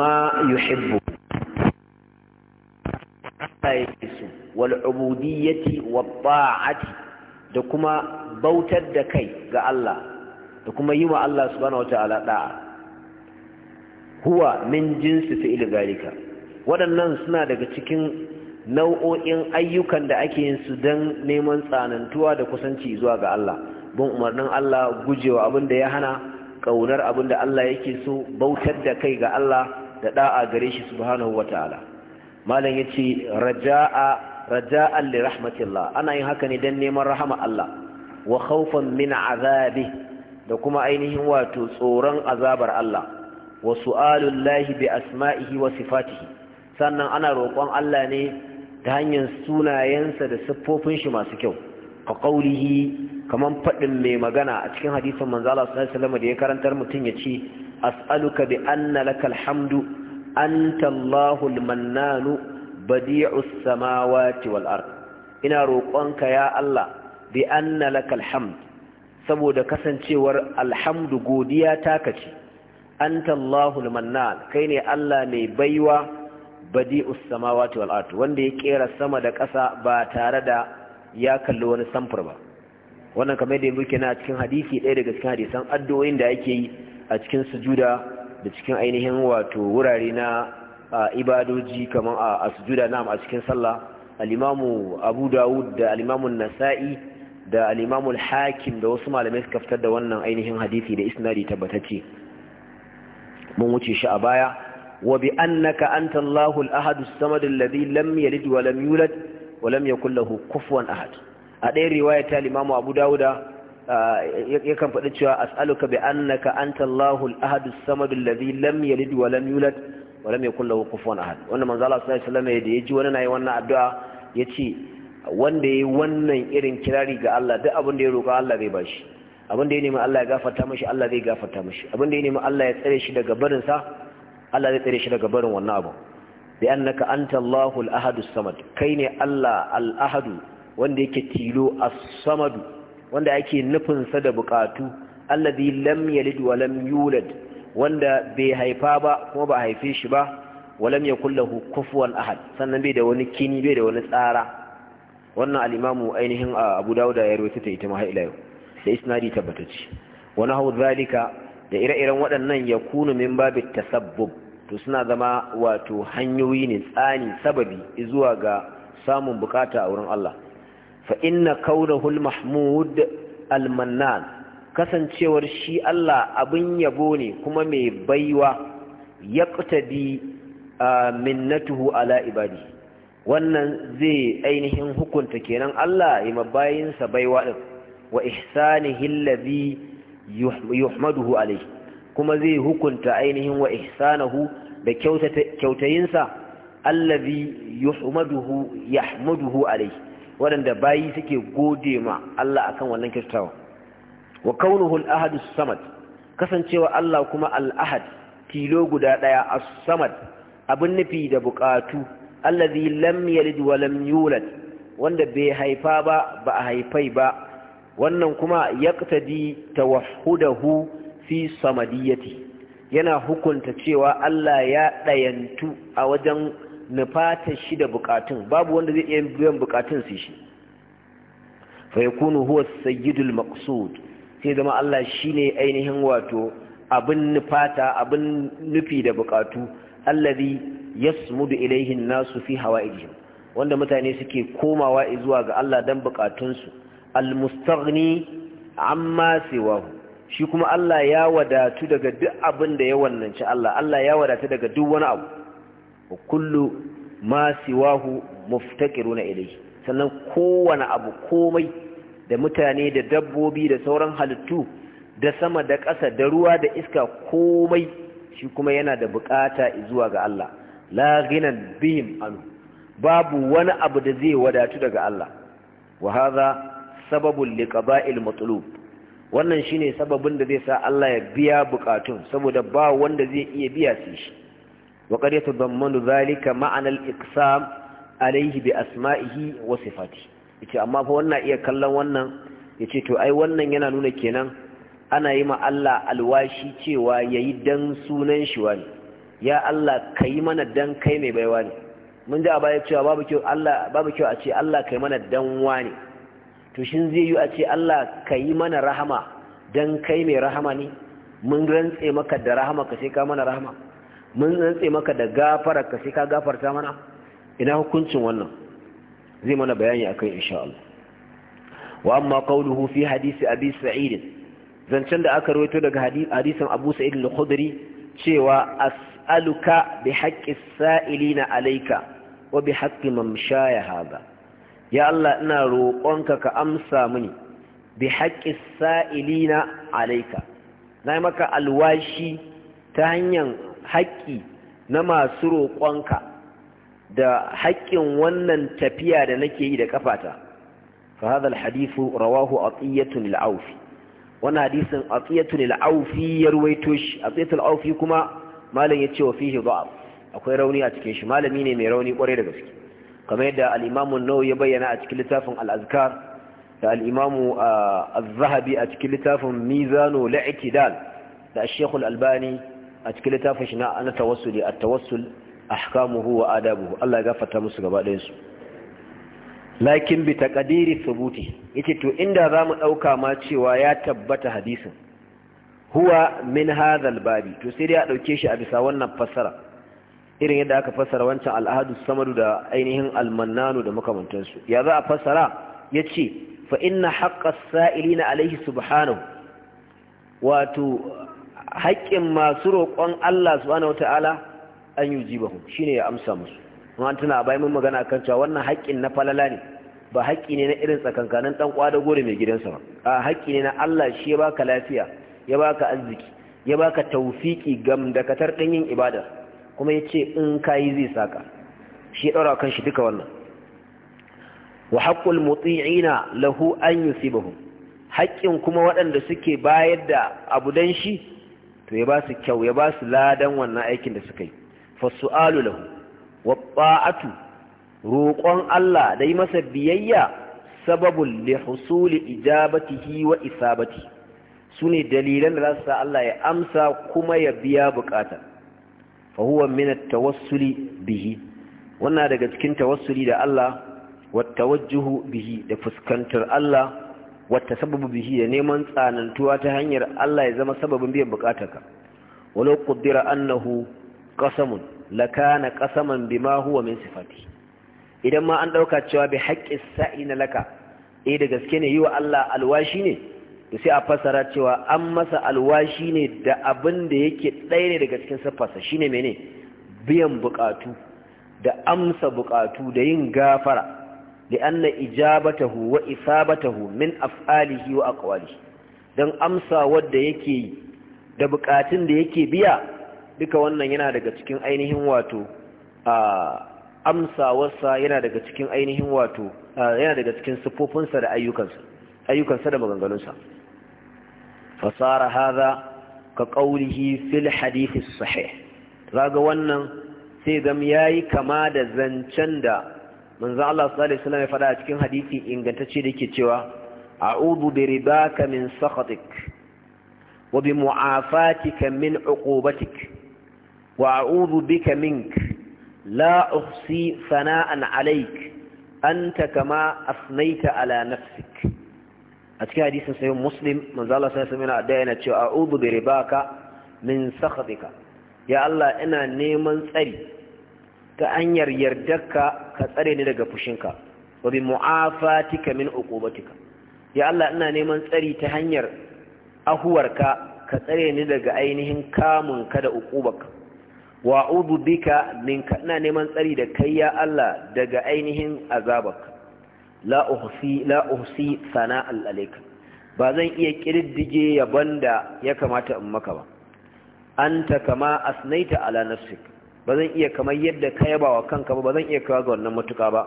ma yuhibbu wal'ubudiyyati wa ta'ati da kuma bautar da kai ga Allah da kuma yi wa Allah subhanahu wata'ala da'a huwa min jinsi fi'il zalika waɗannan suna daga cikin nau'o'in ayyukan da ake yin su don neman tsanantuwa da kusanci zuwa ga Allah bin umarnin Allah gujewa abin da ya hana ƙaunar abin da Allah yake so bautar da kai ga Allah da da'a gare shi subhanahu wataala malam yace raja'a raja'an li rahmatillah ana yin haka ne dan neman rahama Allah wa khawfan min azabi da kuma ainihin wato tsoron azabar Allah wa su'alul lahi bi asma'ihi wa sifatihi sannan ana roƙon Allah ne ta hanyar sunayensa da siffofin shi masu kyau ka qaulihi kaman faɗin mai magana a cikin hadisin manzo Allah sallallahu alaihi wasallam da ya karantar mutun ya ce as'aluka bi anna lakal hamdu anta Allahul mannanu badi'us samawati wal ard ina roƙonka ya Allah bi anna lakal hamd saboda kasancewar alhamdu godiya taka ce anta Allahul mannan kai ne Allah mai baiwa badi'us samawati wal ard wanda ya kera sama da ƙasa ba tare da ya kalli wani samfur ba wannan kamar da muke na cikin hadisi ɗaya daga cikin hadisan addu'o'in da ake yi a cikin sujuda da cikin ainihin wato wurare na ibadoji kamar a sujuda na a cikin sallah al'imamu abu dawud da al'imamun nasa'i da al'imamun hakim da wasu malamai suka fitar da wannan ainihin hadisi da isnadi tabbatacce mun wuce shi a baya wa bi annaka anta Allahul ahad as-samad alladhi lam yalid wa lam yulad wa lam yakul lahu kufuwan ahad a ɗayan riwaya ta al-imamu abu dawuda yakan faɗi cewa as'aluka bi annaka anta Allahu al-ahad as-samad alladhi lam yalid wa lam yulad wa lam yakul lahu kufuwan ahad wannan manzo Allah sallallahu alaihi wasallam da yaji wani nayi wannan addu'a yace wanda yayi wannan irin kirari ga Allah duk abin da ya roƙa Allah zai bashi abin da ya nemi Allah ya gafarta mishi Allah zai gafarta mishi abin da ya nemi Allah ya tsare shi daga barin sa Allah zai tsare shi daga barin wannan abu bi annaka anta Allahu al-ahad as-samad kai ne Allah al-ahad wanda yake tilo as-samad wanda ake nufinsa da bukatu allazi lam yalid wa lam yulad wanda bai haifa ba kuma ba haife shi ba wa lam yakul lahu kufuwan ahad sannan bai da wani kini bai da wani tsara wannan al-imamu ainihin ah, Abu Dawud ya rawaita ta ita ma ila yau da isnadi tabbatacce wa nahu zalika da ire-iren waɗannan ya kunu min babit tasabbub to suna zama wato hanyoyi ne tsani sababi zuwa ga samun bukata a wurin Allah fa inna kaunahul mahmud almannan kasancewar shi Allah abin yabo ne kuma mai baiwa ya ƙutabi minnatuhu ala ibadi wannan zai ainihin hukunta kenan Allah ya mabayinsa baiwa ɗin wa ihsanihi yuhmaduhu kuma zai hukunta ainihin wa ihsanahu da kyautayinsa allazi yuhmaduhu yahmaduhu waɗanda bayi suke gode ma Allah akan wannan kyautatawa wa kaunuhu al-ahad samad kasancewa Allah kuma al-ahad tilo guda daya as-samad abin nufi da bukatu allazi lam yalid wa lam yulad wanda bai haifa ba ba a haifai ba wannan kuma yaqtadi tawahhudahu fi samadiyati yana hukunta cewa Allah ya dayantu a wajen nufatar shi da bukatun babu wanda zai iya biyan bukatun su shi fa yakunu huwa sayyidul maqsud sai zama Allah shine ainihin wato abin nufata abin nufi da bukatu allazi yasmudu ilayhi an-nasu fi hawaijihim wanda mutane suke komawa zuwa ga Allah dan su al-mustaghni amma siwa shi kuma Allah ya wadatu daga duk abin da ya wannanci Allah Allah ya wadatu daga duk wani abu wa kullu ma siwahu muftaqiruna ilayhi sannan kowane abu komai da mutane da dabbobi da sauran halittu da sama da ƙasa da ruwa da iska komai shi kuma yana da bukata zuwa ga Allah la ghinan bihim an babu wani abu da zai wadatu daga Allah wa hadha sababul liqaba'il matlub wannan shine sababin da zai sa Allah ya biya bukatun saboda ba wanda zai iya biya su shi وقد يتضمن ذلك معنى الاقسام عليه باسماءه وصفاته yace amma fa wannan iya kallon wannan yace to ai wannan yana nuna kenan ana yi ma Allah alwashi cewa yayi dan sunan shi wani ya Allah kai mana dan kai mai baiwa ne mun ji a baya cewa babu kyau Allah babu kyau a ce Allah kai mana dan wani to shin zai yi a ce Allah kai mana rahama dan kai mai rahama ne mun rantse maka da rahama ka sai ka mana rahama mun rantse maka da gafara ka sai ka gafarta mana ina hukuncin wannan zai mana bayani akan insha Allah wa amma qawluhu fi hadisi abi sa'id zancen da aka rawaito daga hadisin abu sa'id al-khudri cewa as'aluka bi haqqi sa'ilina alayka wa bi haqqi shaya hada ya Allah ina roƙonka ka amsa mini bi haqqi sa'ilina alaika na maka alwashi ta hanyar haƙƙi na masu roƙonka da haƙƙin wannan tafiya da nake yi da kafata fa hadal alhadith rawahu atiyatun al-awfi wannan hadisin atiyatun al-awfi ya ruwaito shi atiyatun awfi kuma malam yace wa fihi da'af akwai rauni a cikin shi malami ne mai rauni kwarai da gaske kamar yadda al-imamu an-nawawi ya bayyana a cikin littafin al-azkar da al-imamu ah, az-zahabi a cikin littafin mizanu al-i'tidal da al-shaykh al-albani a cikin littafin shi na ana tawassuli a tawassul ahkamuhu wa adabuhu Allah ya gafarta musu gaba ɗayan su lakin bi taqdiri thubuti yace to inda zamu dauka ma cewa ya tabbata hadisin huwa min hadha babi. to sai dai a dauke shi a bisa wannan fassara irin yadda aka fassara wancan al'adu samadu da ainihin almananu da makamantansu ya za a fassara yace fa inna haqqas sa'ilina alaihi subhanahu wato haƙƙin masu roƙon Allah subhanahu wata'ala an yi shi ne ya amsa musu wani tuna a bayan magana a kan cewa wannan haƙƙin na falala ne ba haƙƙi ne na irin tsakankanin ɗan ƙwada gore mai gidansa ba a haƙƙi ne na Allah shi ya baka lafiya ya baka arziki ya baka taufiki gam da katar ɗin yin ibada kuma ya ce in ka yi zai saka shi ya ɗaura kan shi duka wannan wa haƙƙul Ina lahu an yusibahum haƙƙin kuma waɗanda suke bayar da abu dan shi to ya ba su kyau ya ba su ladan wannan aikin da suka yi fasu lahu wa ta'atu roƙon Allah da yi masa biyayya sababul li husuli ijabatihi wa isabati sune dalilan da za su sa Allah ya amsa kuma ya biya bukata fa huwa min tawassuli bihi wannan daga cikin tawassuli da Allah wa tawajjuhu bihi da fuskantar Allah wata sababu bihi da neman tsanantuwa ta hanyar Allah ya zama sababin biyan bukatarka walau qaddara annahu qasamun lakana qasaman bima huwa min sifati idan ma an dauka cewa bi sa'i na laka eh da gaske ne yiwa Allah alwashi ne to sai a fasara cewa an masa alwashi ne da abin da yake ɗaya ne daga cikin siffarsa shine mene biyan bukatu da amsa bukatu da yin gafara li'anna ijabatahu wa isabatahu min af'alihi wa aqwalihi dan amsa wanda yake yi da bukatun da yake biya duka wannan yana daga cikin ainihin wato a amsawarsa yana daga cikin ainihin wato yana daga cikin sifofinsa da ayyukansa da maganganunsa fasara hadha ka qawlihi fil hadith as-sahih wannan sai yayi kama da zancen da manzo Allah sallallahu alaihi wasallam ya a cikin hadisi ingantacce da yake cewa a'udhu bi ribaka min sakhatik wa bi mu'afatika min uqubatik wa a'udhu bika mink la uhsi sana'an alayk anta kama asnaita ala nafsik a cikin hadisin sahih muslim manzo Allah sallallahu alaihi wasallam yana cewa a'udhu bi ribaka min sakhatika ya Allah ina neman tsari ta hanyar yardarka ka tsare ni daga fushinka wa bi mu'afatika min uqubatika ya Allah ina neman tsari ta hanyar ahuwarka ka tsare ni daga ainihin kamun ka da uqubaka wa a'udhu bika ka ina neman tsari da kai ya Allah daga ainihin azabaka la uhsi la uhsi sana'a alayka ba zan iya kididdige yabon da ya kamata in maka ba anta kama asnaita ala nafsika ba zan iya kamar yadda ka yaba wa kanka ba ba zan iya kawo ga wannan matuka ba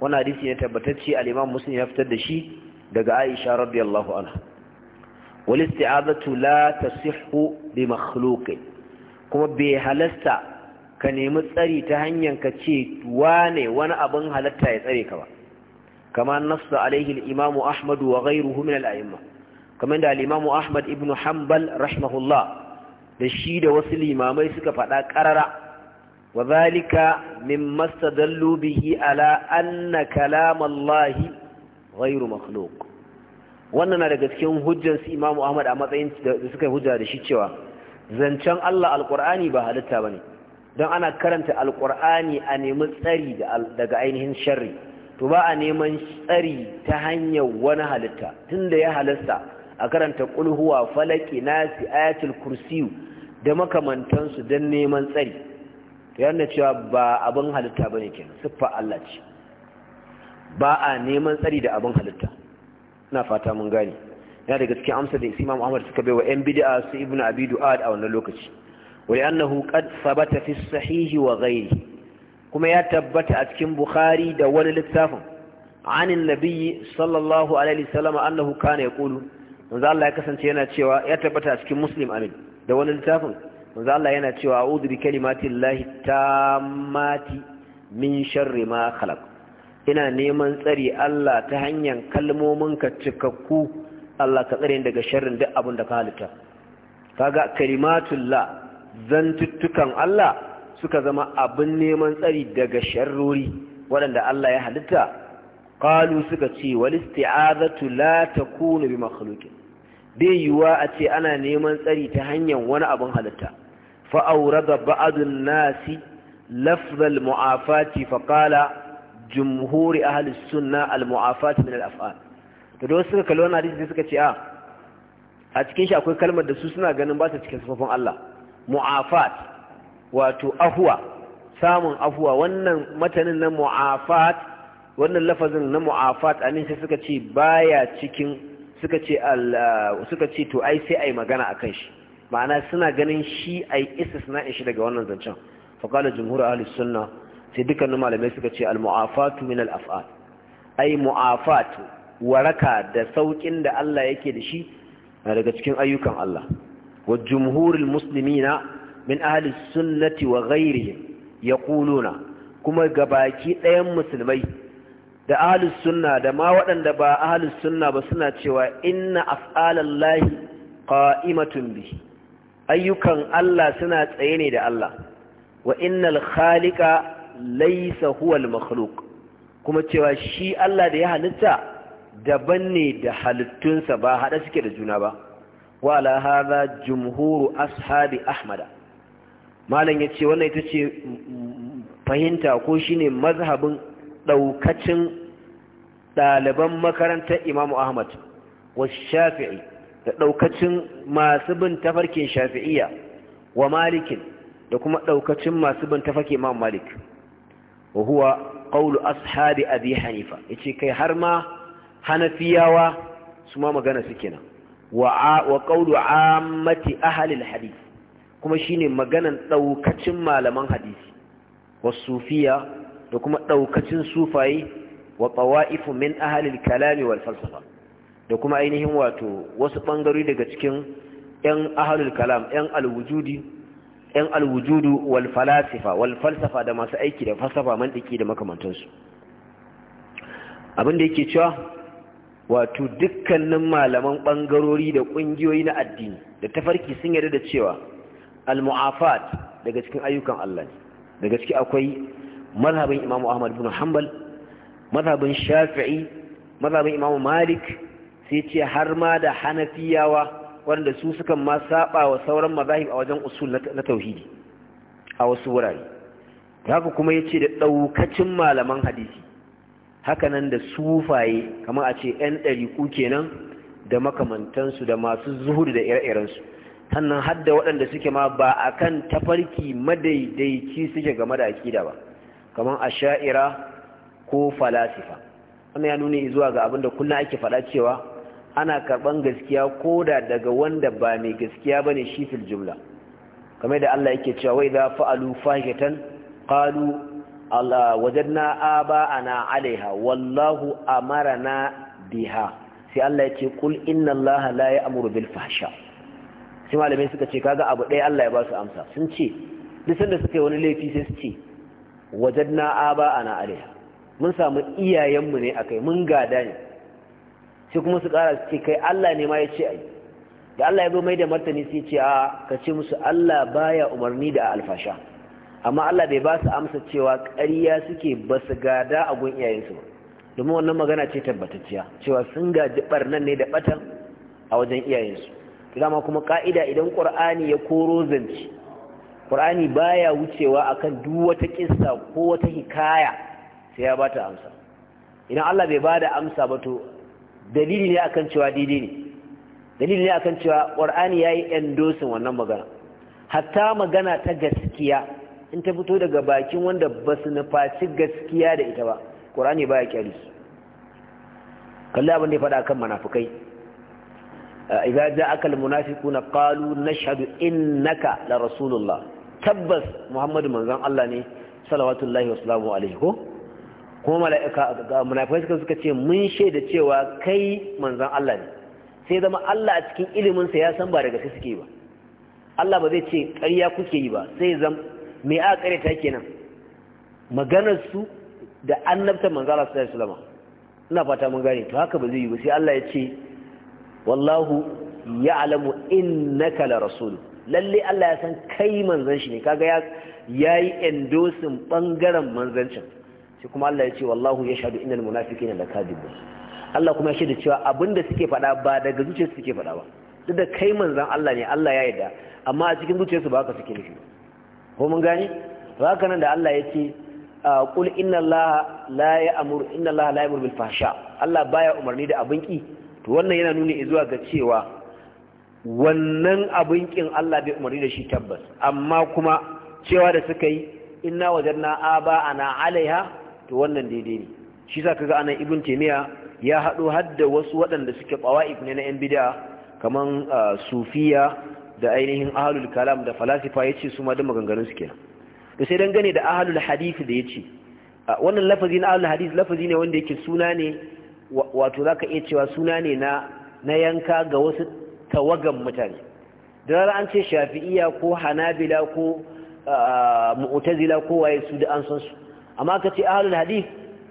wannan hadisi ne tabbatacce al-Imam Muslim ya fitar da shi daga Aisha radiyallahu anha wal isti'azatu la tasihhu bi makhluq kuma bai halasta ka nemi tsari ta hanyar ka ce wane wani abin halatta ya tsare ka ba kama nafsa alaihi al-Imam Ahmad wa ghayruhu min al-a'imma kamar da al-Imam Ahmad ibn Hanbal rahimahullah da shi da wasu limamai suka faɗa ƙarara وذلك مما استدلوا به على أن كلام الله غير مخلوق wannan na daga cikin hujjar su Imam Ahmad a matsayin da suka hujja da shi cewa zancen Allah alqur'ani ba halitta ne, don ana karanta alqur'ani a nemi tsari daga ainihin sharri to ba a neman tsari ta hanyar wani halitta tunda ya halitta a karanta Kulhuwa, falaki nasi ayatul kursiyu da makamantansu don neman tsari yana cewa ba abin halitta ba ne ke siffa Allah ce ba a neman tsari da abin halitta na fata mun gani yana daga cikin amsa da imam ahmad suka bai wa yan bid'a su ibn abi du'ad a wannan lokaci Wani wa annahu qad sabata fi sahihi wa ghairi kuma ya tabbata a cikin bukhari da wani littafin an annabi sallallahu alaihi wasallam annahu kana yaqulu manzo Allah ya kasance yana cewa ya tabbata a cikin muslim amin da wani littafin manzo Allah yana cewa a'udhu bi ta tammati min sharri ma khalaq ina neman tsari Allah ta hanyar kalmominka cikakku Allah ka tsare daga sharrin duk abin da ka halitta kaga kalimatullah zantuttukan Allah suka zama abin neman tsari daga sharrori waɗanda Allah ya halitta qalu suka ce wal isti'azatu la takunu bi makhluqin bai yiwuwa a ce ana neman tsari ta hanyar wani abin halitta فأورد بعض الناس لفظ المعافاة فقال جمهور أهل السنة المعافاة من الأفعال da wasu suka kalli wani hadisi sai suka ce a a cikin shi akwai kalmar da su suna ganin ba ta cikin sufafin Allah mu'afat wato afuwa samun afuwa wannan matanin na mu'afat wannan lafazin na mu'afat a sai suka ce baya cikin suka ce to ai sai ai magana akan shi ma'ana suna ganin shi a yi istisna'in shi daga wannan zancen faƙalar jumhur ahli sunna sai dukkanin malamai suka ce al-mu'afatu min al-af'al ai mu'afatu waraka da saukin da Allah yake da shi daga cikin ayyukan Allah wa jumhurul muslimina min ahli sunnati wa ghairihim yaquluna kuma gabaki ɗayan musulmai da ahli sunna da ma waɗanda ba ahli sunna ba suna cewa inna af'alallahi qa'imatun bihi ayyukan Allah suna tsaye ne da Allah wa innal khaliqa laysa huwa al kuma cewa shi Allah da ya halitta daban ne da halittunsa ba hada suke da juna ba wa hadha jumhuru ashabi ahmada malam yace wannan ita ce fahimta ko shine mazhabin daukacin ɗaliban makarantar imamu Ahmad wa Shafi'i da ɗaukacin masu bin tafarkin shafi'iyya wa malikin da kuma ɗaukacin masu bin tafarkin imam malik wa huwa qawlu ashabi abi hanifa ce kai har ma hanafiyawa su ma magana su kenan wa wa amati ammati ahli kuma kuma shine maganan ɗaukacin malaman hadisi Wa sufiya da kuma ɗaukacin sufaye wa ƙawa'ifu min ahli kalami wal falsafa da kuma ainihin wato wasu bangare daga cikin 'yan ahalul kalam 'yan alwujudi 'yan alwujudu wal falasifa wal falsafa da masu aiki da falsafa mantiki da makamantansu abin da yake cewa wato dukkanin malaman bangarori da ƙungiyoyi na addini da tafarki sun yarda da cewa al-mu'afat daga cikin ayyukan Allah ne daga ciki akwai mazhabin Imam Ahmad bin Hanbal mazhabin Shafi'i mazhabin imam'u Malik sai ce har ma da hanafiyawa wanda su suka ma saba wa sauran mazahib a wajen usul na tauhidi a wasu wurare haka kuma ya ce da ɗaukacin malaman hadisi hakanan da sufaye kamar a ce 'yan ɗariku kenan da makamantansu da masu zuhudu da ire-irensu sannan hadda waɗanda suke ma ba a kan tafarki madaidaici suke game da aƙida ba kamar a sha'ira ko falasifa wannan ya nuna zuwa ga abin da kullum ake faɗa cewa ana karban gaskiya ko da daga wanda ba mai gaskiya ba ne fil jumla kamar da Allah yake cewa wai za fa'alu fahitan qalu Allah wajadna ana alaiha wallahu amarna biha sai Allah yake kul inna Allah la ya'muru bil fahsha sai malamai suka ce kaga abu ɗaya Allah ya ba su amsa sun ce duk sanda suka yi wani laifi sai su ce wajadna ana alaiha mun samu iyayenmu ne akai mun gada ne sai kuma su ƙara su ce kai Allah ne ma ya ce ai da Allah ya zo mai da martani sai ce a ka ce musu Allah baya umarni da alfasha amma Allah bai ba su amsa cewa ƙarya suke ba su gada a gun iyayensu ba domin wannan magana ce tabbatacciya cewa sun gaji barnan ne da batan a wajen iyayensu dama kuma ka'ida idan ƙur'ani ya koro zanci ƙur'ani baya wucewa akan duk wata kissa ko wata hikaya sai ya bata amsa idan Allah bai bada amsa ba to dalili ne akan cewa daidai ne dalili ne akan cewa qur'ani yayi endorsing wannan magana hatta magana ta gaskiya in ta fito daga bakin wanda ba su nufaci gaskiya da ita ba qur'ani baya kyari kalli abin da ya faɗa kan munafikai idza ja'aka na qalu nashhadu innaka la rasulullah tabbas muhammadu manzon Allah ne salawatullahi wa alaihi ko kuma mala'ika ga munafai suka suka ce mun shaida cewa kai Manzan Allah ne sai zama Allah a cikin ilimin ya san ba daga suke ba Allah ba zai ce ƙarya kuke yi ba sai zama me a ƙareta kenan maganar su da annabta manzan Allah sallallahu alaihi wasallam ina fata mun gane to haka ba zai yi ba sai Allah ya ce wallahu ya ya'lamu innaka la rasul lalle Allah ya san kai Manzan shi ne kaga ya yi ɓangaren bangaren manzancin sai kuma Allah ya ce wallahu yashhadu innal munafiqina lakadibun Allah kuma ya shaida cewa abinda suke faɗa ba daga zuciyarsu suke faɗa ba duk da kai manzon Allah ne Allah ya yarda amma a cikin zuciyarsu ba haka suke nufi ko mun gani? ba haka nan da Allah ya ce qul inna Allah la ya'muru inna Allah la bil fahsha Allah baya umarni da abin ki to wannan yana nuni zuwa ga cewa wannan abin kin Allah bai umarni da shi tabbas amma kuma cewa da suka yi inna wajanna ana alaiha to wannan daidai ne shi za ka ga anan ibn taimiyya ya haɗo hadda wasu waɗanda suke ƙawa ne na 'yan bida kamar sufiya da ainihin ahalul kalam da falasifa ya ce su ma da maganganun su na. to sai gane da ahalul hadith da ya ce wannan lafazi na ahalul hadith lafazi ne wanda yake suna ne wato za ka iya cewa suna ne na yanka ga wasu tawagan mutane da zara an ce shafi'iya ko hanabila ko mu'tazila ko waye su da an san su amma ka ce ahlul hadith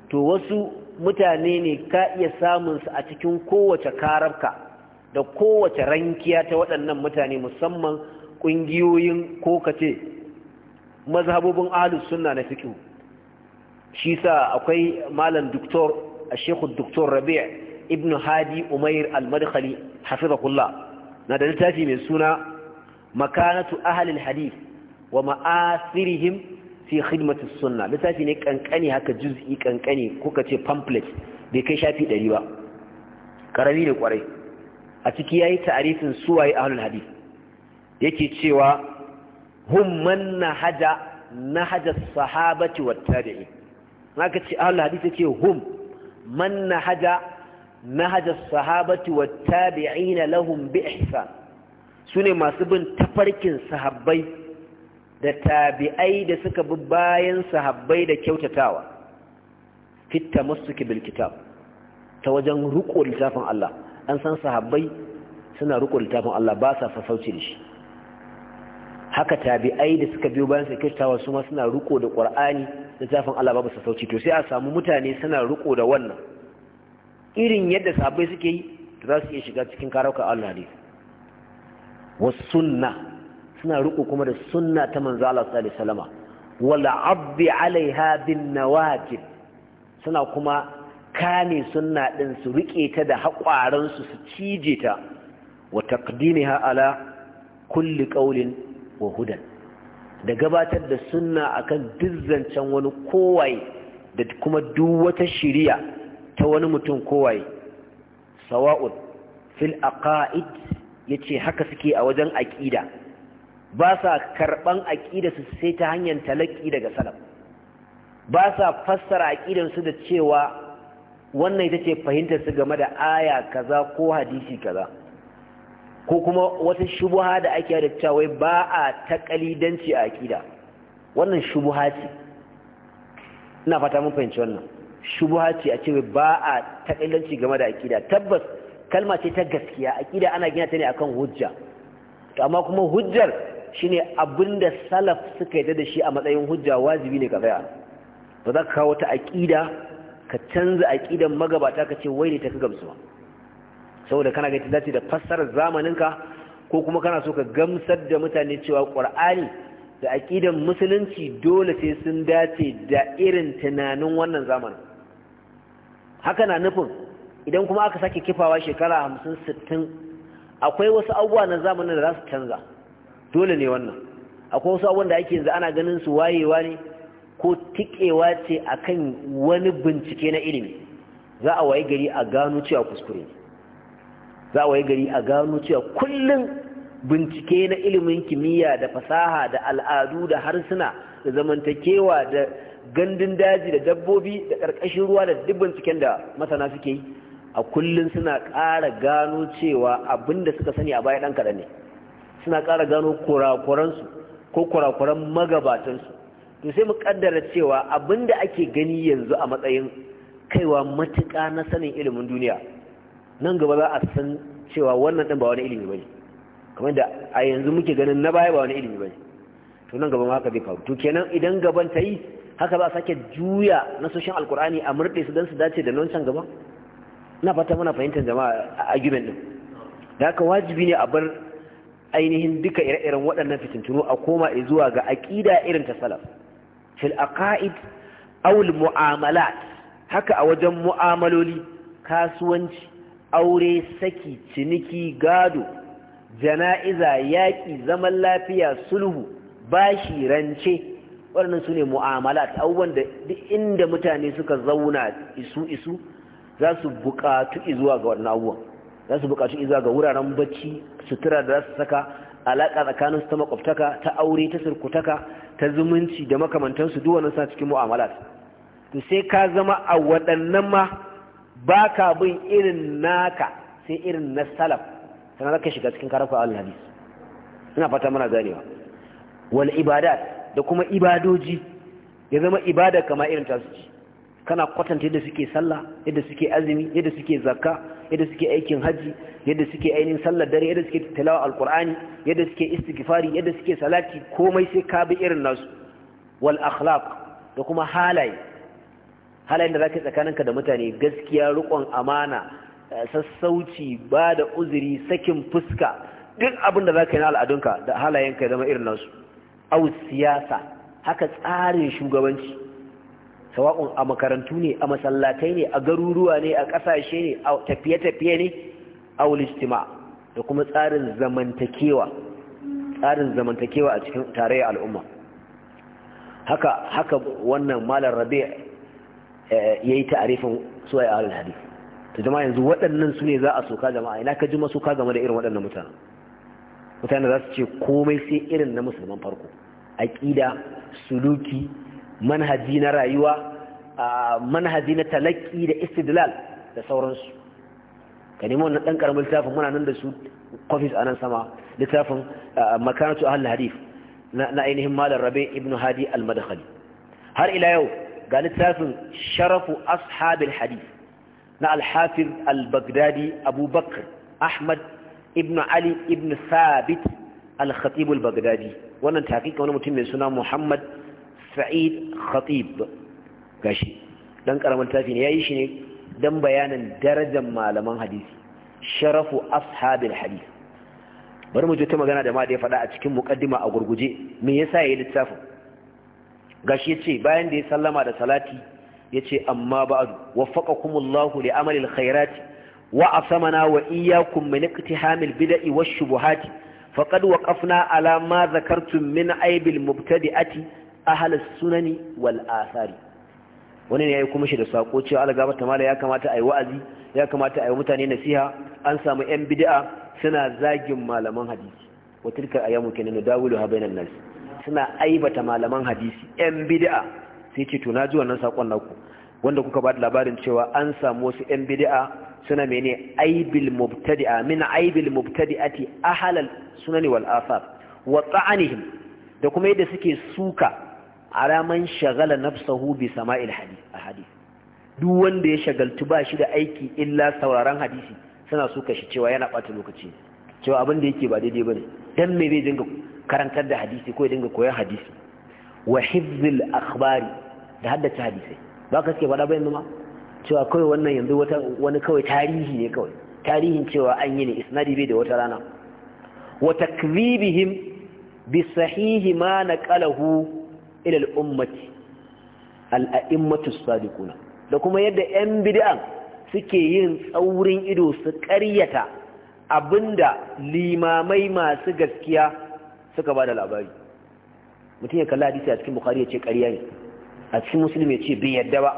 to wasu mutane ne ka iya samun su a cikin kowace karabka da kowace rankiya ta waɗannan mutane musamman ƙungiyoyin ko ka ce mazhabobin ahlus sunna na fiƙi shi sa akwai malam doktor a shekhu doktor rabi' ibn hadi umair al-madkhali kula na da littafi mai suna makanatu ahlul hadith wa ma'asirihim fi khidmatu sunna littafi ne kankani haka juz'i kankani kuka ce pamphlet bai kai shafi ɗari ba karami ne kwarai a ciki yayi ta'arifin suwaye ahlul hadith yake cewa hum man nahaja nahaja sahabati wat tabi'in haka ce ahlul hadith yace hum man nahaja nahaja sahabati wat tabi'in lahum bi ihsan sune masu bin tafarkin sahabbai da tabi'ai da suka bi bayan sahabbai da kyautatawa fitta musuki bil kitab ta wajen riko littafin Allah an san sahabbai suna riko littafin Allah ba sa sassauci da shi haka tabi'ai da suka biyo bayan sa kyautatawa su ma suna riko da Qur'ani littafin Allah babu sassauci to sai a samu mutane suna riko da wannan irin yadda sahabbai suke yi za su iya shiga cikin karauka Allah ne was sunnah suna riko kuma da sunna ta manzo Allah sallallahu alaihi wasallama wala abdi alaiha bin nawajib suna kuma kane sunna din su rike ta da hakwaran su su cije ta wa taqdimiha ala kulli qawlin wa hudan da gabatar da sunna akan dizzancen wani kowaye da kuma duk wata shiriya ta wani mutum kowaye sawa'ul fil aqaid yace haka suke a wajen aqida ba sa karɓan aƙidarsu sai ta hanyar talaƙi daga salaf ba sa fassara aƙidarsu da cewa wannan ita ce fahimtarsu game da aya kaza ko hadisi kaza ko kuma wata shubuha da ake da cewa ba a taƙalidanci a aƙida wannan shubuha ce ina fata mun fahimci wannan shubuha ce a cewa ba a taƙalidanci game da aƙida tabbas kalma ce ta gaskiya aƙida ana gina ta ne akan hujja amma kuma hujjar shine abinda salaf suka yi da shi a matsayin hujja wajibi ne ka tsaya ba za ka kawo wata aƙida ka canza aƙidan magabata ka ce wai ne ta ka gamsu ba saboda kana ga dace da fassarar zamaninka ko kuma kana so ka gamsar da mutane cewa ƙur'ani da aƙidan musulunci dole sai sun dace da irin tunanin wannan zamanin haka na nufin idan kuma aka sake kifawa shekara hamsin sittin akwai wasu abubuwa na zamanin da za su canza dole ne wannan akwai wasu abin da ake yanzu ana ganin su wayewa ne ko tikewa ce akan wani bincike na ilimi za a waye gari a gano cewa kuskure ne za a waye gari a gano cewa kullum bincike na ilimin kimiyya da fasaha da al'adu da harsuna da zamantakewa da gandun daji da dabbobi da ƙarƙashin ruwa da duk binciken da masana suke yi a kullum suna ƙara gano cewa abin suka sani a baya ɗan kaɗan ne suna ƙara gano kurakuransu ko kurakuran magabatansu to sai mu kaddara cewa abinda ake gani yanzu a matsayin kaiwa matuƙa na sanin ilimin duniya nan gaba za a san cewa wannan ɗin ba wani ilimi ba ne kamar da a yanzu muke ganin na baya ba wani ilimi ba ne to nan gaba ma haka zai faru to kenan idan gaban ta yi haka za a sake juya nasoshin alkur'ani a murɗe su don su dace da nan can gaba na fata muna fahimtar jama'a a argument ɗin. da haka wajibi ne a bar ainihin duka ire-iren waɗannan fitintunu a koma zuwa ga aƙida irin ta salaf fil aqaid aw al mu'amalat haka a wajen mu'amaloli kasuwanci aure saki ciniki gado jana'iza yaƙi zaman lafiya sulhu bashi rance waɗannan su ne mu'amalat abubuwan da duk inda mutane suka zauna isu isu za su buƙatu zuwa ga waɗannan abubuwan za su buƙaci izuwa ga wuraren bacci sutura da za su saka alaƙa tsakanin su ta makwabtaka ta aure ta surkutaka ta zumunci da makamantansu duk sa cikin mu'amalat to sai ka zama a waɗannan ma ba ka bin irin naka sai irin na salaf sannan ka shiga cikin karafa al-hadis ina fata mana ganewa Wani ibadat da kuma ibadoji ya zama ibada kama irin tasu kana kwatanta yadda suke sallah yadda suke azumi yadda suke zakka yadda suke aikin haji yadda suke ainihin sallar dare yadda suke tilawa alqur'ani yadda suke istighfari yadda suke salati komai sai ka bi irin nasu wal akhlaq da kuma halaye halayen da zaka tsakaninka da mutane gaskiya rukon amana sassauci ba da uzuri sakin fuska duk abin da zaka yi na al'adunka da halayenka ya zama irin nasu au siyasa haka tsarin shugabanci sawa'un a makarantu ne a masallatai ne a garuruwa ne a ƙasashe ne a tafiye-tafiye ne a wulistima da kuma tsarin zamantakewa tsarin zamantakewa a cikin tarayyar al'umma haka haka wannan malar rabe eh, ya yi ta'arifin suwaye a hadith ta jama'a yanzu waɗannan su ne za a soka jama'a ina ka ji ka game da irin waɗannan mutane mutane za su ce komai sai irin na musulman farko aƙida suluki manhaji na rayuwa manhaji na talaki da istidlal da sauransu ka nemi wannan ɗan ƙaramin littafin muna nan da su kwafis a nan sama littafin makaratu ahal hadif na ainihin malar rabe ibn hadi al-madakhali har ila yau ga littafin sharafu ashabil hadif na al-hafiz al-baghdadi abubakar ahmad ibn ali ibn sabit al bagdadi baghdadi wannan taƙiƙa wani mutum mai suna muhammad sa'id khatib gashi dan karamin tafi ne yayi shi ne dan bayanin darajar malaman hadisi sharafu ashabil hadith bari mu je ta magana da ma da ya faɗa a cikin muqaddima a gurguje me yasa yayi littafin gashi yace bayan da ya sallama da salati yace amma ba'du waffaqakumullahu li amalil khairati wa asamana wa iyyakum min iktihamil bid'i wash shubuhati faqad waqafna ala ma zakartum min aibil mubtadi'ati ahalas sunani wal asari wani ya yi kuma shi da sako cewa algaba ta mala ya kamata a yi wa'azi ya kamata a yi mutane nasiha an samu yan bid'a suna zagin malaman hadisi wa tilka ayyamu kenan dawulu ha bainan nas suna aibata malaman hadisi yan bid'a sai ce to na ji wannan sakon naku wanda kuka ba da labarin cewa an samu wasu yan bid'a suna mene aibil mubtadi'a min aibil mubtadi'ati ahalal sunani wal asar wa ta'anihim da kuma yadda suke suka man shagala nafsahu bi sama'il hadith duk wanda ya shagaltu ba shi da aiki illa sauraron hadisi suna so kashi cewa yana bata lokaci cewa abin da yake ba daidai bane dan me zai dinga karantar da hadisi ko ya dinga koyar hadisi wa hifzil akhbari da haddace hadisi ba ka suke faɗa yanzu ma cewa kawai wannan yanzu wata wani kawai tarihi ne kawai tarihin cewa an yi ne isnadi bai da wata rana wa takdhibihim bi sahihi ma naqalahu ila al-ummati al-a'immatu sadiquna da kuma yadda yan bid'a suke yin tsaurin ido su ƙaryata abinda limamai masu gaskiya suka ba da labari mutum ya kalla hadisi a cikin bukhari ya ce ƙarya ne a cikin musulmi ya ce bai yadda ba